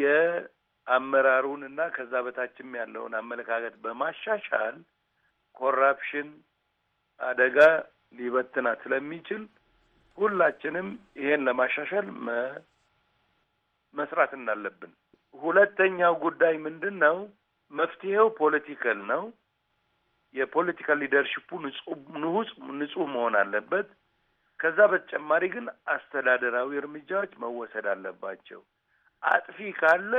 አመራሩን እና ከዛ በታችም ያለውን አመለካከት በማሻሻል ኮራፕሽን አደጋ ሊበትናት ስለሚችል ሁላችንም ይሄን ለማሻሻል መስራት እናለብን። ሁለተኛው ጉዳይ ምንድን ነው? መፍትሄው ፖለቲካል ነው። የፖለቲካል ሊደርሽፑ ንጹህ ንጹህ መሆን አለበት። ከዛ በተጨማሪ ግን አስተዳደራዊ እርምጃዎች መወሰድ አለባቸው። አጥፊ ካለ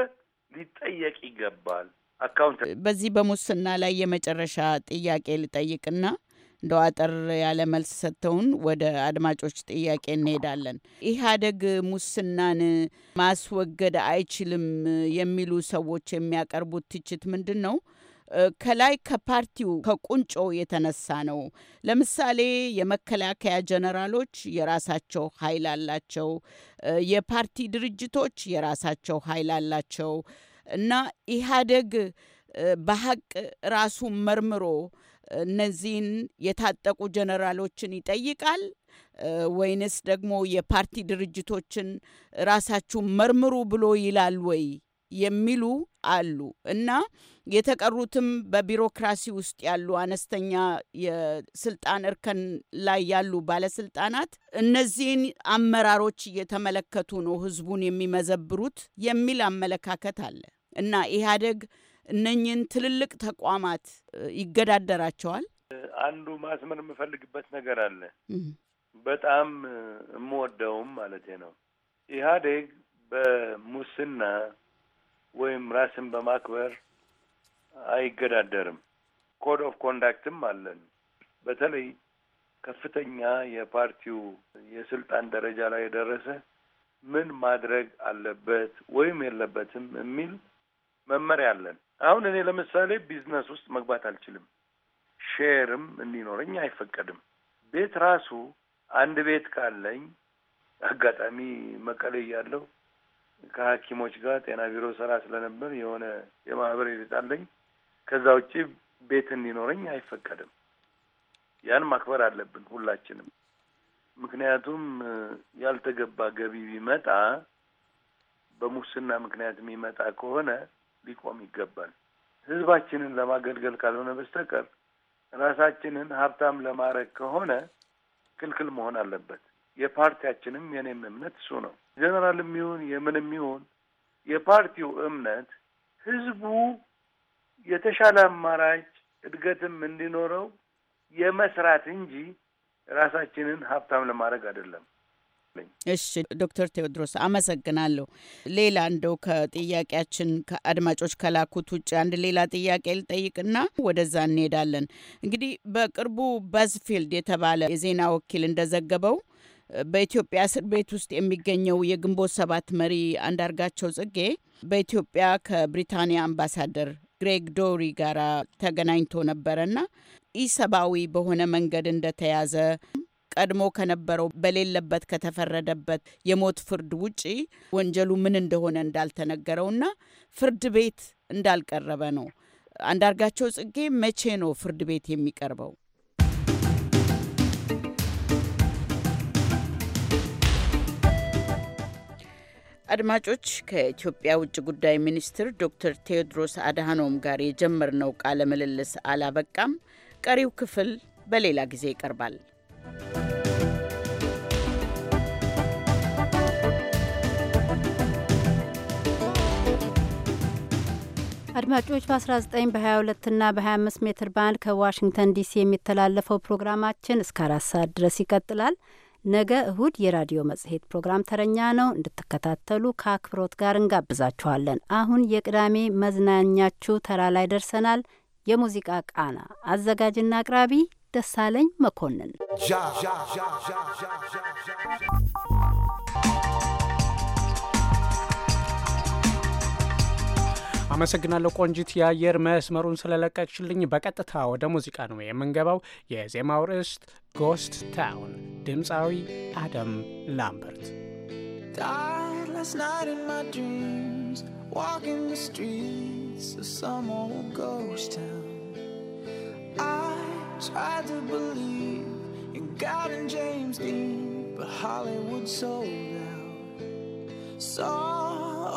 ሊጠየቅ ይገባል። አካውንት በዚህ በሙስና ላይ የመጨረሻ ጥያቄ ልጠይቅና እንደው አጠር ያለ መልስ ሰጥተውን ወደ አድማጮች ጥያቄ እንሄዳለን። ኢህአዴግ ሙስናን ማስወገድ አይችልም የሚሉ ሰዎች የሚያቀርቡት ትችት ምንድን ነው? ከላይ ከፓርቲው ከቁንጮ የተነሳ ነው። ለምሳሌ የመከላከያ ጀነራሎች የራሳቸው ኃይል አላቸው። የፓርቲ ድርጅቶች የራሳቸው ኃይል አላቸው እና ኢህአዴግ በሀቅ ራሱን መርምሮ እነዚህን የታጠቁ ጀነራሎችን ይጠይቃል ወይንስ ደግሞ የፓርቲ ድርጅቶችን ራሳችሁ መርምሩ ብሎ ይላል ወይ የሚሉ አሉ እና የተቀሩትም በቢሮክራሲ ውስጥ ያሉ አነስተኛ የስልጣን እርከን ላይ ያሉ ባለስልጣናት እነዚህን አመራሮች እየተመለከቱ ነው ህዝቡን የሚመዘብሩት የሚል አመለካከት አለ እና ኢህአዴግ እነኝህን ትልልቅ ተቋማት ይገዳደራቸዋል። አንዱ ማስመር የምፈልግበት ነገር አለ። በጣም የምወደውም ማለት ነው ኢህአዴግ በሙስና ወይም ራስን በማክበር አይገዳደርም። ኮድ ኦፍ ኮንዳክትም አለን። በተለይ ከፍተኛ የፓርቲው የስልጣን ደረጃ ላይ የደረሰ ምን ማድረግ አለበት ወይም የለበትም የሚል መመሪያ አለን። አሁን እኔ ለምሳሌ ቢዝነስ ውስጥ መግባት አልችልም። ሼርም እንዲኖረኝ አይፈቀድም። ቤት ራሱ አንድ ቤት ካለኝ አጋጣሚ መቀሌ እያለሁ ከሐኪሞች ጋር ጤና ቢሮ ስራ ስለነበር የሆነ የማህበር ቤት አለኝ። ከዛ ውጪ ቤት እንዲኖረኝ አይፈቀድም። ያን ማክበር አለብን ሁላችንም። ምክንያቱም ያልተገባ ገቢ ቢመጣ በሙስና ምክንያት የሚመጣ ከሆነ ሊቆም ይገባል። ህዝባችንን ለማገልገል ካልሆነ በስተቀር ራሳችንን ሀብታም ለማድረግ ከሆነ ክልክል መሆን አለበት። የፓርቲያችንም የኔም እምነት እሱ ነው። ጀነራል የሚሆን የምንም ይሁን የፓርቲው እምነት ህዝቡ የተሻለ አማራጭ እድገትም እንዲኖረው የመስራት እንጂ ራሳችንን ሀብታም ለማድረግ አይደለም። እሺ ዶክተር ቴዎድሮስ አመሰግናለሁ። ሌላ እንደው ከጥያቄያችን ከአድማጮች ከላኩት ውጭ አንድ ሌላ ጥያቄ ልጠይቅና ወደዛ እንሄዳለን። እንግዲህ በቅርቡ በዝፊልድ የተባለ የዜና ወኪል እንደዘገበው በኢትዮጵያ እስር ቤት ውስጥ የሚገኘው የግንቦት ሰባት መሪ አንዳርጋቸው ጽጌ በኢትዮጵያ ከብሪታንያ አምባሳደር ግሬግ ዶሪ ጋር ተገናኝቶ ነበረና ኢሰብአዊ በሆነ መንገድ እንደተያዘ ቀድሞ ከነበረው በሌለበት ከተፈረደበት የሞት ፍርድ ውጪ ወንጀሉ ምን እንደሆነ እንዳልተነገረውና ፍርድ ቤት እንዳልቀረበ ነው። አንዳርጋቸው ጽጌ መቼ ነው ፍርድ ቤት የሚቀርበው? አድማጮች ከኢትዮጵያ ውጭ ጉዳይ ሚኒስትር ዶክተር ቴዎድሮስ አድሃኖም ጋር የጀመርነው ቃለ ምልልስ አላበቃም። ቀሪው ክፍል በሌላ ጊዜ ይቀርባል። አድማጮች በ19 በ22 እና በ25 ሜትር ባንድ ከዋሽንግተን ዲሲ የሚተላለፈው ፕሮግራማችን እስከ አራት ሰዓት ድረስ ይቀጥላል። ነገ እሁድ የራዲዮ መጽሔት ፕሮግራም ተረኛ ነው። እንድትከታተሉ ከአክብሮት ጋር እንጋብዛችኋለን። አሁን የቅዳሜ መዝናኛችሁ ተራ ላይ ደርሰናል። የሙዚቃ ቃና አዘጋጅና አቅራቢ ደሳለኝ መኮንን አመሰግናለሁ ቆንጂት የአየር መስመሩን ስለለቀቅሽልኝ። በቀጥታ ወደ ሙዚቃ ነው የምንገባው። የዜማው ርዕስ ጎስት ታውን፣ ድምፃዊ አደም ላምበርት ghost town. I tried to believe in God and James Dean, but Hollywood sold out. Saw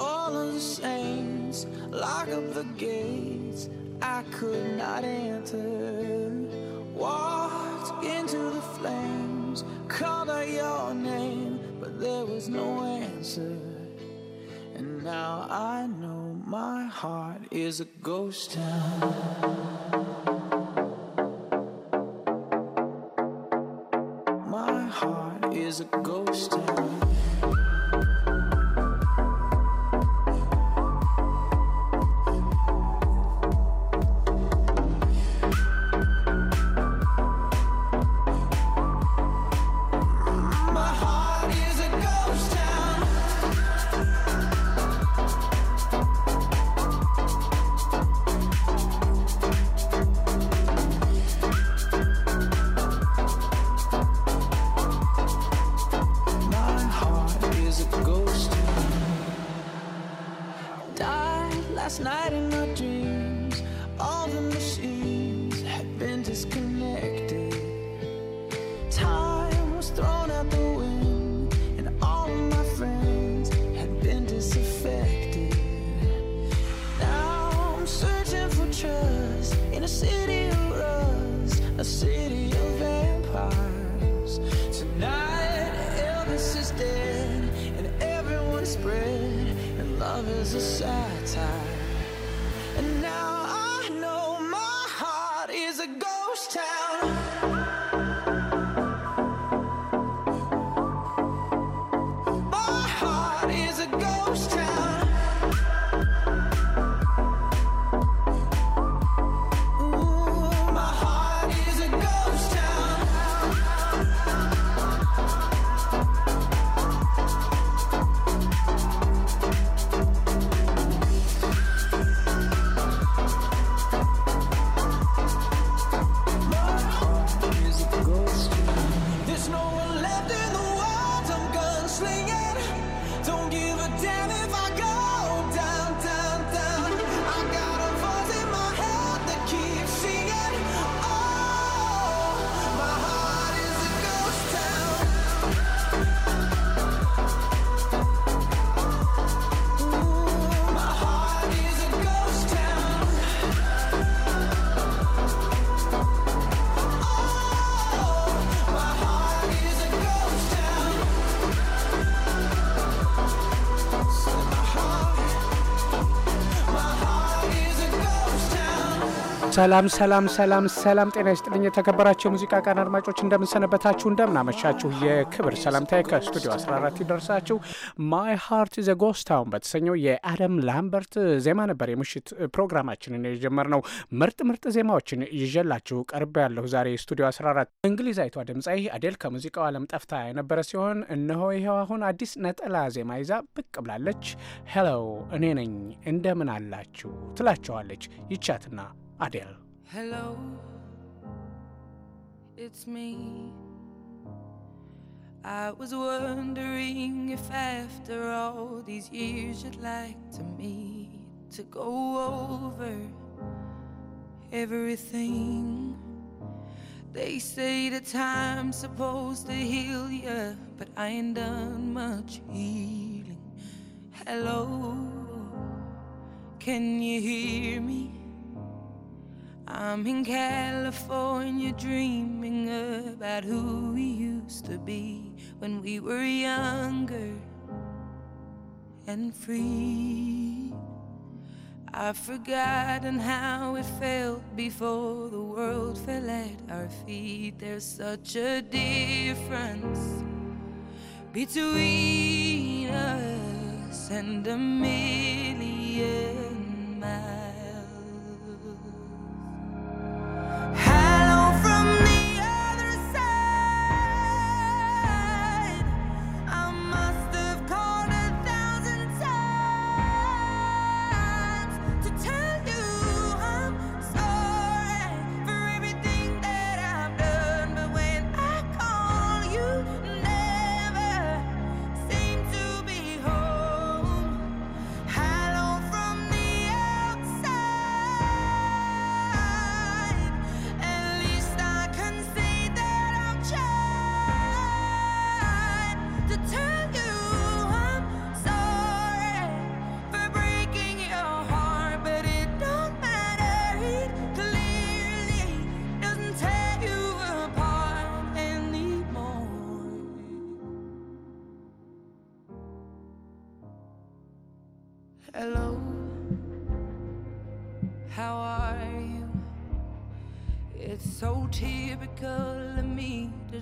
all of the same lock up the gates. I could not enter. Walked into the flames, called out your name, but there was no answer. And now I know my heart is a ghost town. My heart is a ghost town. ሰላም ሰላም ሰላም ሰላም፣ ጤና ይስጥልኝ የተከበራቸው የሙዚቃ ቀን አድማጮች፣ እንደምንሰነበታችሁ፣ እንደምናመሻችሁ። የክብር ሰላምታይ ከስቱዲዮ 14 ይደርሳችሁ። ማይ ሃርት ዘ ጎስታውን በተሰኘው የአደም ላምበርት ዜማ ነበር የምሽት ፕሮግራማችንን ነው። ምርጥ ምርጥ ዜማዎችን ይዤላችሁ ቀርብ ያለሁ ዛሬ ስቱዲዮ 14። እንግሊዛዊቷ ድምፃዊ አዴል ከሙዚቃው አለም ጠፍታ የነበረ ሲሆን እነሆ ይኸው አሁን አዲስ ነጠላ ዜማ ይዛ ብቅ ብላለች። ሄሎ እኔ ነኝ እንደምን አላችሁ ትላቸዋለች ይቻትና Adele. Hello, it's me. I was wondering if after all these years you'd like to meet to go over everything. They say the time's supposed to heal ya, but I ain't done much healing. Hello, can you hear me? I'm in California dreaming about who we used to be when we were younger and free. I've forgotten how it felt before the world fell at our feet. There's such a difference between us and a million miles.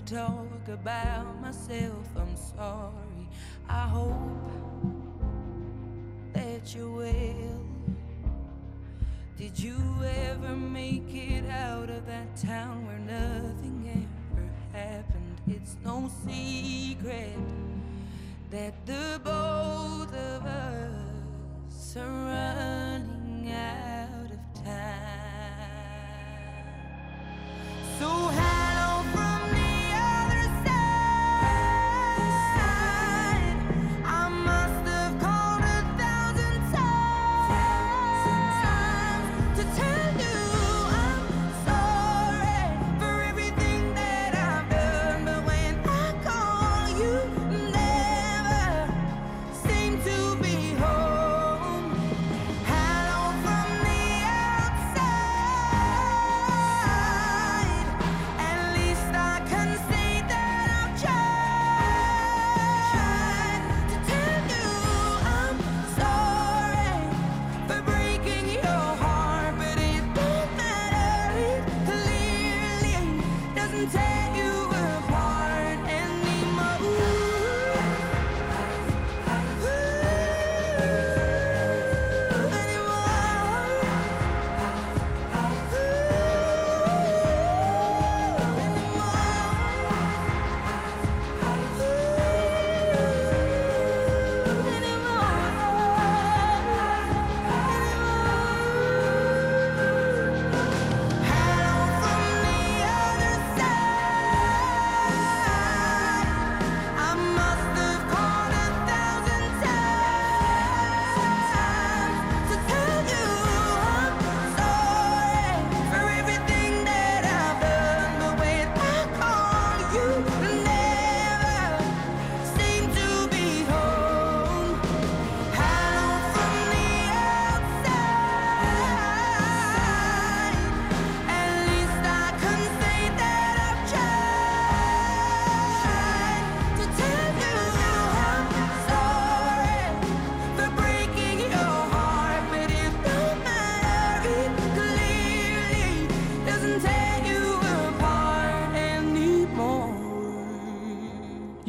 talk about myself, I'm sorry. I hope that you will. Did you ever make it out of that town where nothing ever happened? It's no secret that the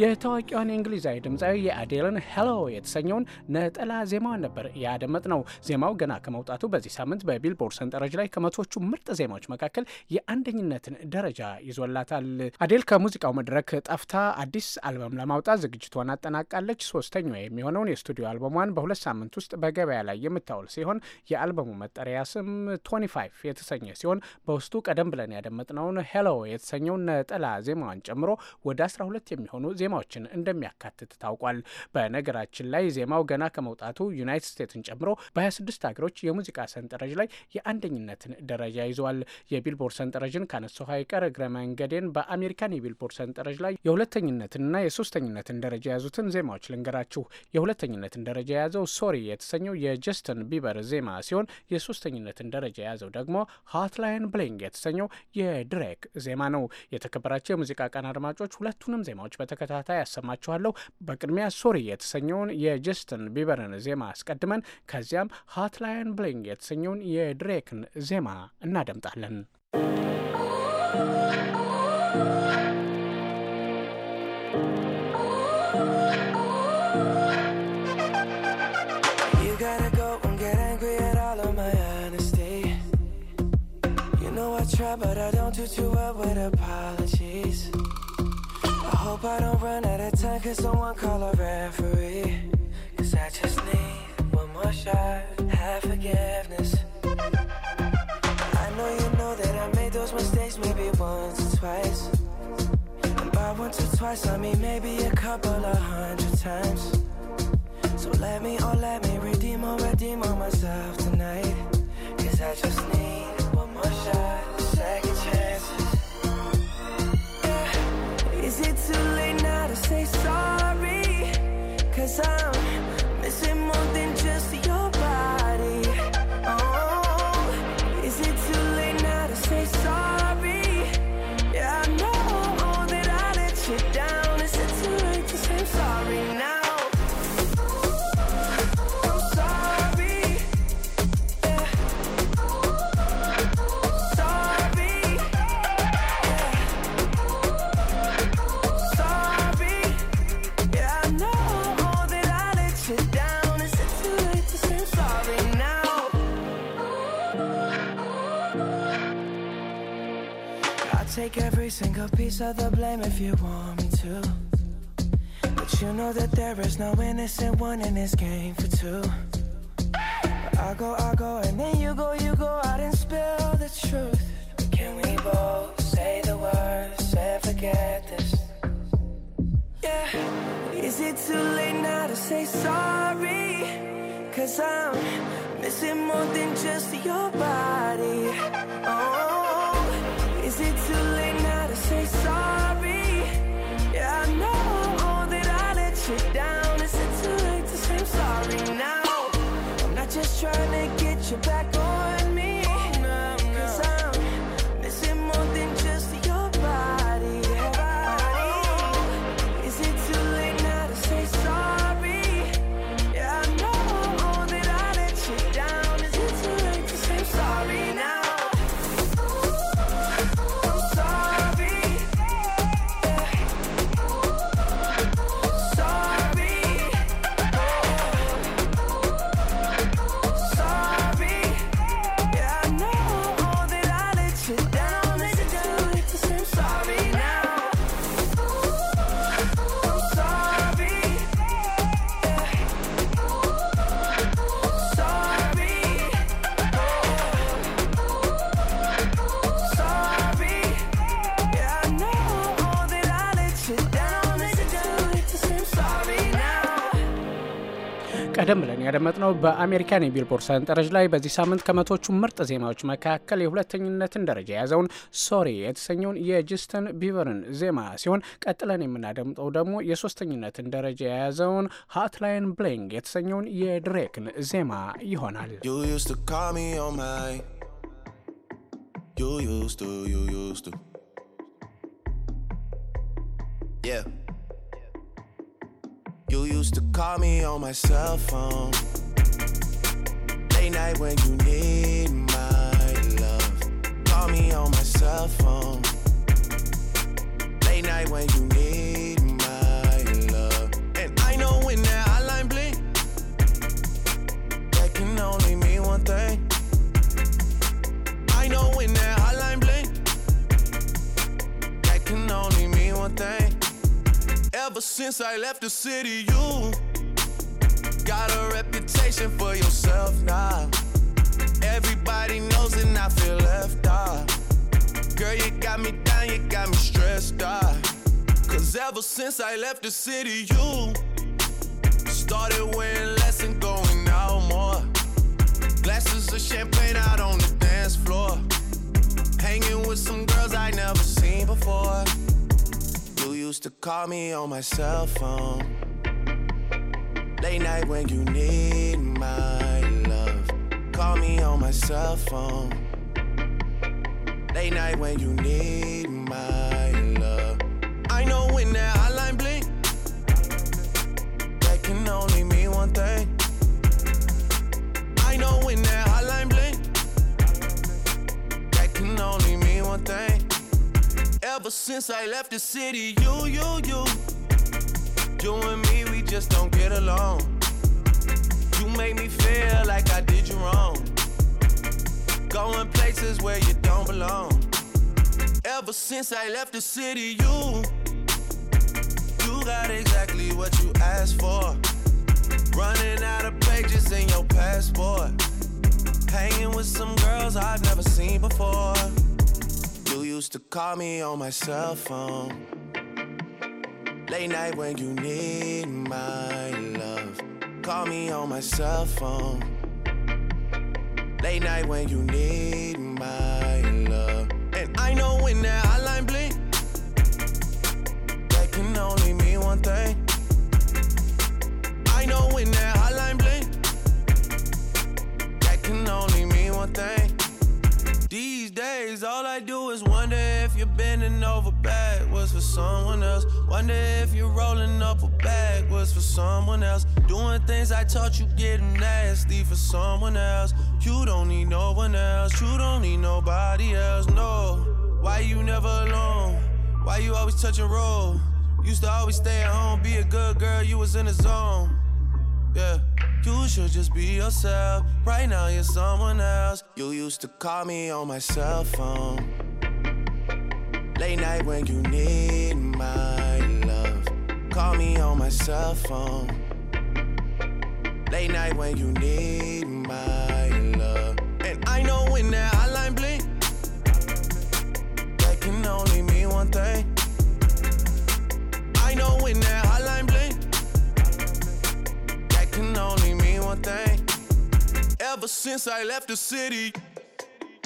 የታዋቂዋን የእንግሊዛዊ ድምፃዊ የአዴልን ሄሎ የተሰኘውን ነጠላ ዜማዋን ነበር ያደመጥነው። ዜማው ገና ከመውጣቱ በዚህ ሳምንት በቢልቦርድ ሰንጠረዥ ላይ ከመቶዎቹ ምርጥ ዜማዎች መካከል የአንደኝነትን ደረጃ ይዞላታል። አዴል ከሙዚቃው መድረክ ጠፍታ አዲስ አልበም ለማውጣት ዝግጅቷን አጠናቃለች። ሶስተኛ የሚሆነውን የስቱዲዮ አልበሟን በሁለት ሳምንት ውስጥ በገበያ ላይ የምታውል ሲሆን የአልበሙ መጠሪያ ስም ቶኒ የተሰኘ ሲሆን በውስጡ ቀደም ብለን ያደመጥነውን ሄሎ የተሰኘውን ነጠላ ዜማዋን ጨምሮ ወደ 12 የሚሆኑ ዜማዎችን እንደሚያካትት ታውቋል። በነገራችን ላይ ዜማው ገና ከመውጣቱ ዩናይትድ ስቴትስን ጨምሮ በ26 ሀገሮች የሙዚቃ ሰንጠረዥ ላይ የአንደኝነትን ደረጃ ይዟል። የቢልቦርድ ሰንጠረዥን ካነሳሁ ሀይቀር እግረ መንገዴን በአሜሪካን የቢልቦርድ ሰንጠረዥ ላይ የሁለተኝነትንና የሶስተኝነትን ደረጃ የያዙትን ዜማዎች ልንገራችሁ። የሁለተኝነትን ደረጃ የያዘው ሶሪ የተሰኘው የጀስትን ቢበር ዜማ ሲሆን የሶስተኝነትን ደረጃ የያዘው ደግሞ ሆትላይን ብሊንግ የተሰኘው የድሬክ ዜማ ነው። የተከበራቸው የሙዚቃ ቀን አድማጮች ሁለቱንም ዜማዎች በተከታ በተከታታይ ያሰማችኋለሁ። በቅድሚያ ሶሪ የተሰኘውን የጀስትን ቢበርን ዜማ አስቀድመን ከዚያም ሃትላይን ብሊንግ የተሰኘውን የድሬክን ዜማ እናደምጣለን። but I don't do too well with apologies hope I don't run out of time. Cause someone call a referee. Cause I just need one more shot. Have forgiveness. I know you know that I made those mistakes maybe once or twice. And by once or twice, I mean maybe a couple of hundred times. So let me, oh, let me redeem or redeem on myself tonight. Cause I just need. too late now to say sorry. Cause I'm missing more than just your of the blame if you want me to. But you know that there is no innocent one in this game for two. I go, I go, and then you go, you go out and spill the truth. Can we both say the words and forget this? Yeah. Is it too late now to say sorry? Cause I'm missing more than just your body. Oh, is it too late? say sorry Yeah, I know that I let you down Is it too late to say I'm sorry now? I'm not just trying to get you back on me ያደመጥነው በአሜሪካን የቢልቦርድ ሰንጠረዥ ላይ በዚህ ሳምንት ከመቶቹ ምርጥ ዜማዎች መካከል የሁለተኝነትን ደረጃ የያዘውን ሶሪ የተሰኘውን የጅስትን ቢቨርን ዜማ ሲሆን ቀጥለን የምናደምጠው ደግሞ የሶስተኝነትን ደረጃ የያዘውን ሃትላይን ብሊንግ የተሰኘውን የድሬክን ዜማ ይሆናል። Yeah. You used to call me on my cell phone. Late night when you need my love. Call me on my cell phone. Late night when you need my love. And I know when that hotline blink, that can only mean one thing. I know when that hotline blink, that can only mean one thing. Ever since I left the city, you got a reputation for yourself now. Everybody knows and I feel left out. Girl, you got me down, you got me stressed out. Cause ever since I left the city, you started wearing less and going out more. Glasses of champagne out on the dance floor. Hanging with some girls I never seen before used to call me on my cell phone. Late night when you need my love. Call me on my cell phone. Late night when you need my love. I know when that hotline blink, that can only mean one thing. I know when that ever since I left the city. You, you, you. You and me, we just don't get along. You make me feel like I did you wrong. Going places where you don't belong. Ever since I left the city, you. You got exactly what you asked for. Running out of pages in your passport. Hanging with some girls I've never seen before used to call me on my cell phone. Late night when you need my love. Call me on my cell phone. Late night when you need my love. And I know when that hotline blink, that can only mean one thing. I know when that hotline blink, that can only mean one thing these days, all I do is wonder if you're bending over backwards for someone else. Wonder if you're rolling up a bag was for someone else. Doing things I taught you getting nasty for someone else. You don't need no one else, you don't need nobody else. No, why you never alone? Why you always touch and roll? Used to always stay at home, be a good girl, you was in the zone. Yeah. You should just be yourself. Right now, you're someone else. You used to call me on my cell phone. Late night when you need my love. Call me on my cell phone. Late night when you need my love. And I know when that hotline blink, that can only mean one thing. I know when that one thing. Ever since I left the city.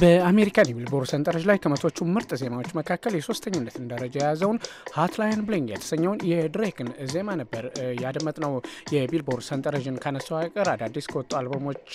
በአሜሪካ የቢልቦርድ ሰንጠረዥ ላይ ከመቶቹ ምርጥ ዜማዎች መካከል የሶስተኝነትን ደረጃ የያዘውን ሀትላይን ብሊንግ የተሰኘውን የድሬክን ዜማ ነበር ያደመጥነው። የቢልቦርድ ሰንጠረዥን ካነሳው አይቀር አዳዲስ ከወጡ አልበሞች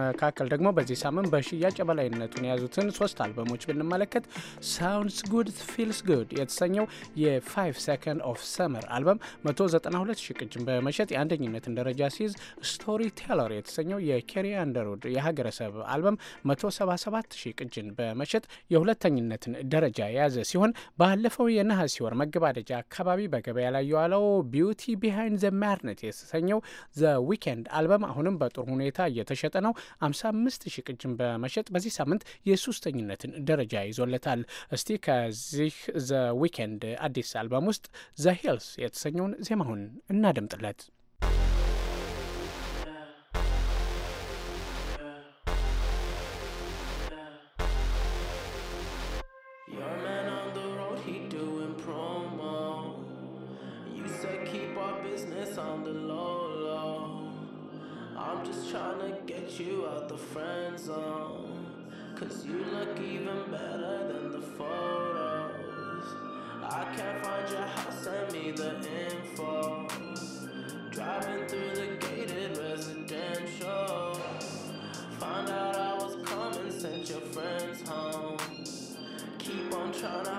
መካከል ደግሞ በዚህ ሳምንት በሽያጭ የበላይነቱን የያዙትን ሶስት አልበሞች ብንመለከት ሳውንድስ ጉድ ፊልስ ጉድ የተሰኘው የፋይቭ ሰከንድ ኦፍ ሰመር አልበም 192 ሺህ ቅጅን በመሸጥ የአንደኝነትን ደረጃ ሲይዝ ስቶሪ ቴለር የተሰኘው የኬሪ አንደርውድ የሀገረሰብ አልበም 177 ሺህ ቅጅን በመሸጥ የሁለተኝነትን ደረጃ የያዘ ሲሆን ባለፈው የነሐሴ ወር መገባደጃ አካባቢ በገበያ ላይ የዋለው ቢዩቲ ቢሃይንድ ዘ ማድነት የተሰኘው ዘ ዊኬንድ አልበም አሁንም በጥሩ ሁኔታ እየተሸጠ ነው። 55 ሺህ ቅጅን በመሸጥ በዚህ ሳምንት የሶስተኝነትን ደረጃ ይዞለታል። እስቲ ከዚህ ዘ ዊኬንድ አዲስ አልበም ውስጥ ዘ ሂልስ የተሰኘውን ዜማውን እናደምጥለት። you out the friend zone. Cause you look even better than the photos. I can't find your house, send me the info. Driving through the gated residential. Found out I was coming, sent your friends home. Keep on trying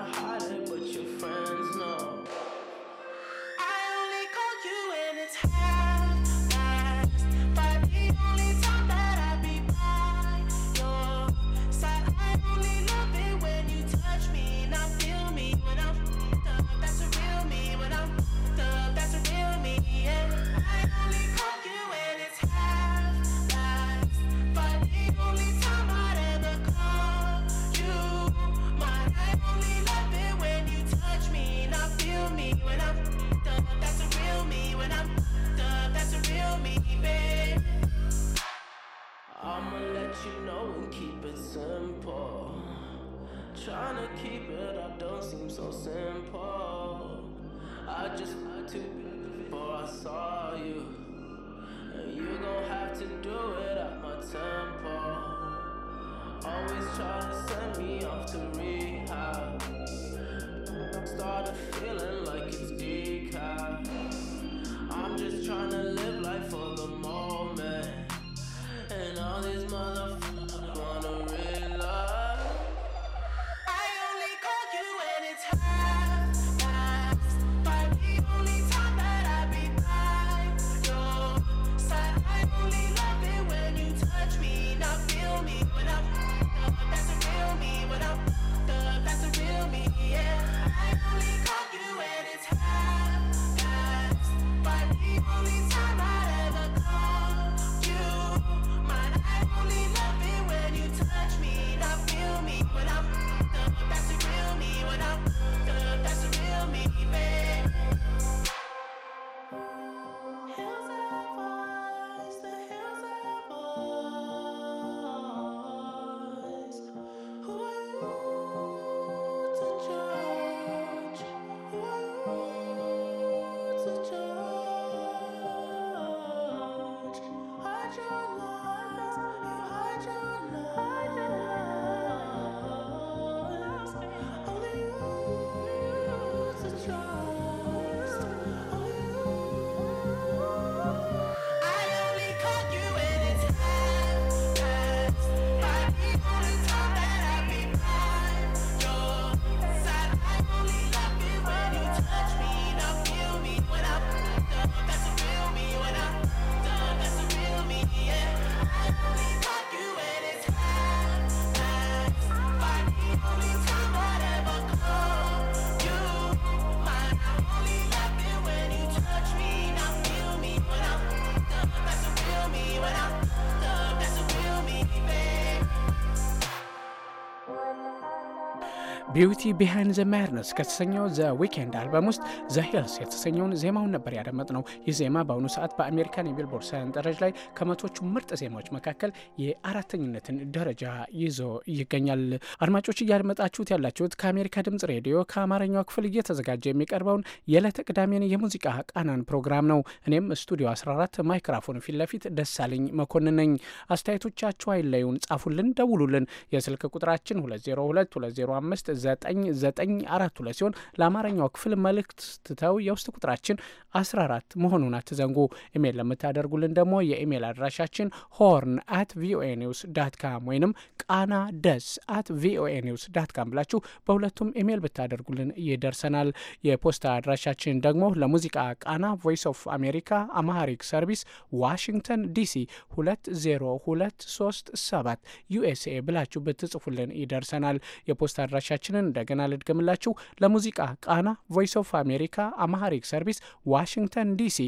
ቢዩቲ ቢሃይንድ ዘ ማድነስ ከተሰኘው ዘ ዊኬንድ አልበም ውስጥ ዘሄልስ የተሰኘውን ዜማውን ነበር ያደመጥነው። ይህ ዜማ በአሁኑ ሰዓት በአሜሪካን የቢልቦርድ ሰንጠረዥ ላይ ከመቶቹ ምርጥ ዜማዎች መካከል የአራተኝነትን ደረጃ ይዞ ይገኛል። አድማጮች እያደመጣችሁት ያላችሁት ከአሜሪካ ድምጽ ሬዲዮ ከአማርኛው ክፍል እየተዘጋጀ የሚቀርበውን የዕለተ ቅዳሜን የሙዚቃ ቃናን ፕሮግራም ነው። እኔም ስቱዲዮ 14 ማይክራፎን ፊት ለፊት ደሳለኝ መኮንን ነኝ። አስተያየቶቻችሁ አይለዩን፣ ጻፉልን፣ ደውሉልን። የስልክ ቁጥራችን 2022059942 ሲሆን ለአማርኛው ክፍል መልእክት ትተው የውስጥ ቁጥራችን 14 መሆኑን አትዘንጉ። ኢሜይል ለምታደርጉልን ደግሞ የኢሜይል አድራሻችን ሆርን አት ቪኦኤ ኒውስ ዳት ካም ወይንም ቃና ደስ አት ቪኦኤ ኒውስ ዳት ካም ብላችሁ በሁለቱም ኢሜይል ብታደርጉልን ይደርሰናል። የፖስታ አድራሻችን ደግሞ ለሙዚቃ ቃና ቮይስ ኦፍ አሜሪካ አማሃሪክ ሰርቪስ ዋሽንግተን ዲሲ 20237 ዩኤስኤ ብላችሁ ብትጽፉልን ይደርሰናል። የፖስታ አድራሻችንን እንደገና ልድገምላችሁ። ለሙዚቃ ቃና ቮይስ ኦፍ አሜሪካ የአሜሪካ አማሃሪክ ሰርቪስ ዋሽንግተን ዲሲ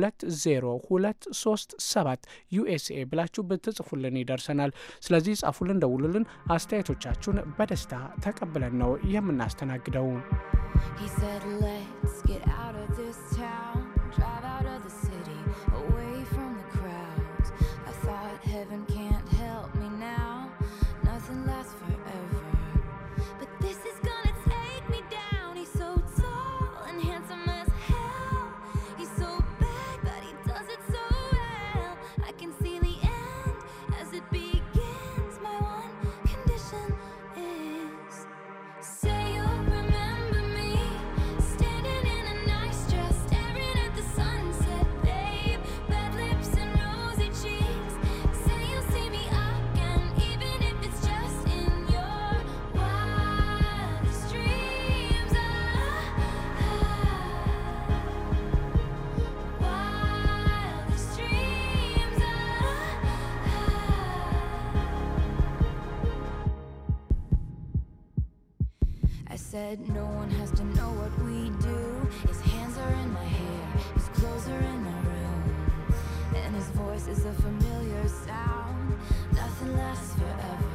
20237 ዩኤስኤ ብላችሁ ብትጽፉልን ይደርሰናል። ስለዚህ ጻፉልን፣ ደውሉልን። አስተያየቶቻችሁን በደስታ ተቀብለን ነው የምናስተናግደው። said no one has to know what we do His hands are in my hair, his clothes are in my room And his voice is a familiar sound Nothing lasts forever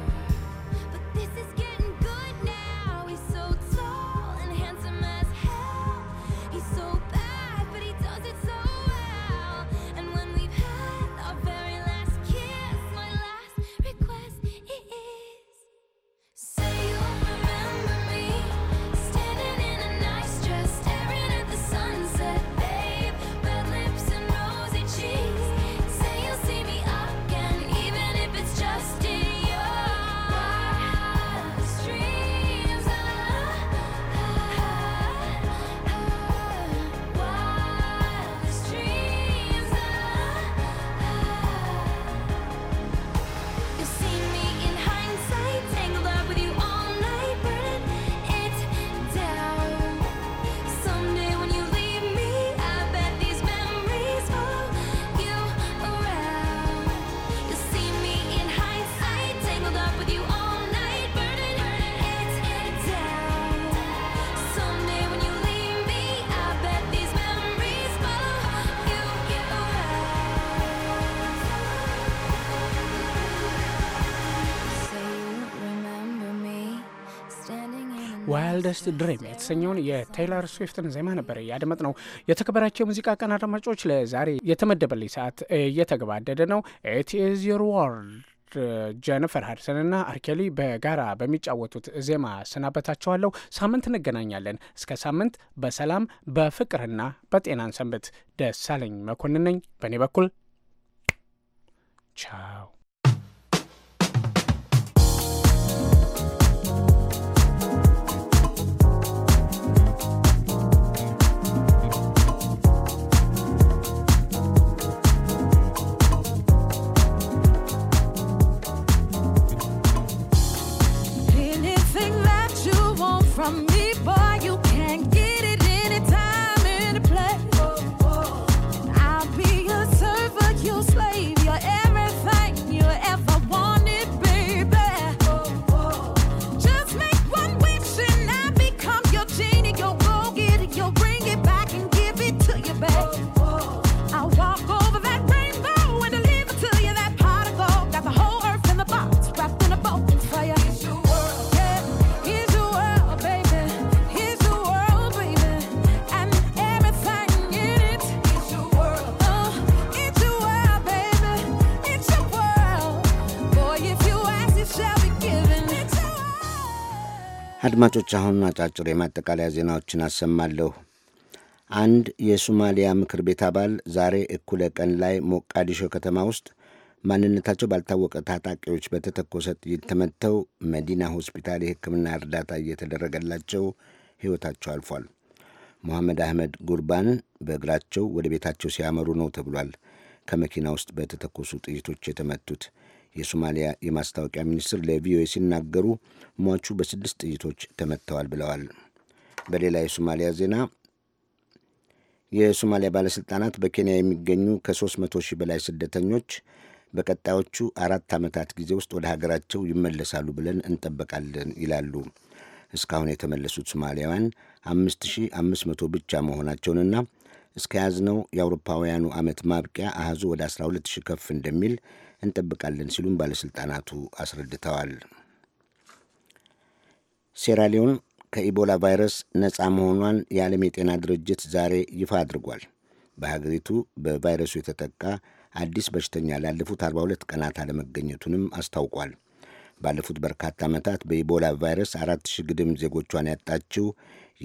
ዋይልደስት ድሪም የተሰኘውን የቴይለር ስዊፍትን ዜማ ነበር እያደመጥ ነው። የተከበራቸው የሙዚቃ ቀን አድማጮች፣ ለዛሬ የተመደበልኝ ሰዓት እየተገባደደ ነው። ኢት ኢዝ ዮር ወርልድ ጀኒፈር ሀድሰንና አርኬሊ በጋራ በሚጫወቱት ዜማ ስናበታችኋለሁ። ሳምንት እንገናኛለን። እስከ ሳምንት በሰላም በፍቅርና በጤናን ሰንበት። ደሳለኝ መኮንን ነኝ በእኔ በኩል ቻው። አድማጮች አሁን አጫጭር የማጠቃለያ ዜናዎችን አሰማለሁ። አንድ የሶማሊያ ምክር ቤት አባል ዛሬ እኩለ ቀን ላይ ሞቃዲሾ ከተማ ውስጥ ማንነታቸው ባልታወቀ ታጣቂዎች በተተኮሰ ጥይት ተመትተው መዲና ሆስፒታል የሕክምና እርዳታ እየተደረገላቸው ሕይወታቸው አልፏል። ሞሐመድ አህመድ ጉርባን በእግራቸው ወደ ቤታቸው ሲያመሩ ነው ተብሏል ከመኪና ውስጥ በተተኮሱ ጥይቶች የተመቱት። የሶማሊያ የማስታወቂያ ሚኒስትር ለቪኦኤ ሲናገሩ ሟቹ በስድስት ጥይቶች ተመትተዋል ብለዋል። በሌላ የሶማሊያ ዜና የሶማሊያ ባለሥልጣናት በኬንያ የሚገኙ ከ300 ሺህ በላይ ስደተኞች በቀጣዮቹ አራት ዓመታት ጊዜ ውስጥ ወደ ሀገራቸው ይመለሳሉ ብለን እንጠበቃለን ይላሉ። እስካሁን የተመለሱት ሶማሊያውያን 5500 ብቻ መሆናቸውንና እስከ የአውሮፓውያኑ ዓመት ማብቂያ አህዙ ወደ 12000 ከፍ እንደሚል እንጠብቃለን ሲሉም ባለሥልጣናቱ አስረድተዋል። ሴራሊዮን ከኢቦላ ቫይረስ ነፃ መሆኗን የዓለም የጤና ድርጅት ዛሬ ይፋ አድርጓል። በሀገሪቱ በቫይረሱ የተጠቃ አዲስ በሽተኛ ላለፉት 42 ቀናት አለመገኘቱንም አስታውቋል። ባለፉት በርካታ ዓመታት በኢቦላ ቫይረስ አራት ሺህ ግድም ዜጎቿን ያጣችው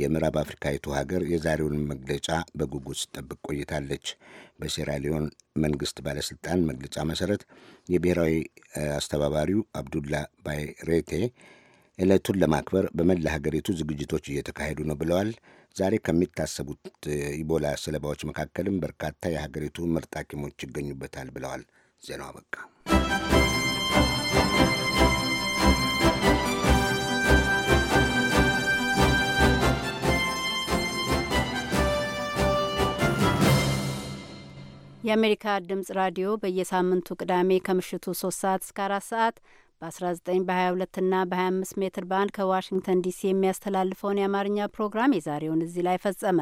የምዕራብ አፍሪካዊቱ ሀገር የዛሬውን መግለጫ በጉጉት ስጠብቅ ቆይታለች። በሴራሊዮን መንግስት ባለስልጣን መግለጫ መሰረት የብሔራዊ አስተባባሪው አብዱላ ባይሬቴ ዕለቱን ለማክበር በመላ ሀገሪቱ ዝግጅቶች እየተካሄዱ ነው ብለዋል። ዛሬ ከሚታሰቡት ኢቦላ ሰለባዎች መካከልም በርካታ የሀገሪቱ ምርጥ ሐኪሞች ይገኙበታል ብለዋል። ዜናው አበቃ። የአሜሪካ ድምጽ ራዲዮ በየሳምንቱ ቅዳሜ ከምሽቱ 3 ሰዓት እስከ 4 ሰዓት በ19 በ22 እና በ25 ሜትር ባንድ ከዋሽንግተን ዲሲ የሚያስተላልፈውን የአማርኛ ፕሮግራም የዛሬውን እዚህ ላይ ፈጸመ።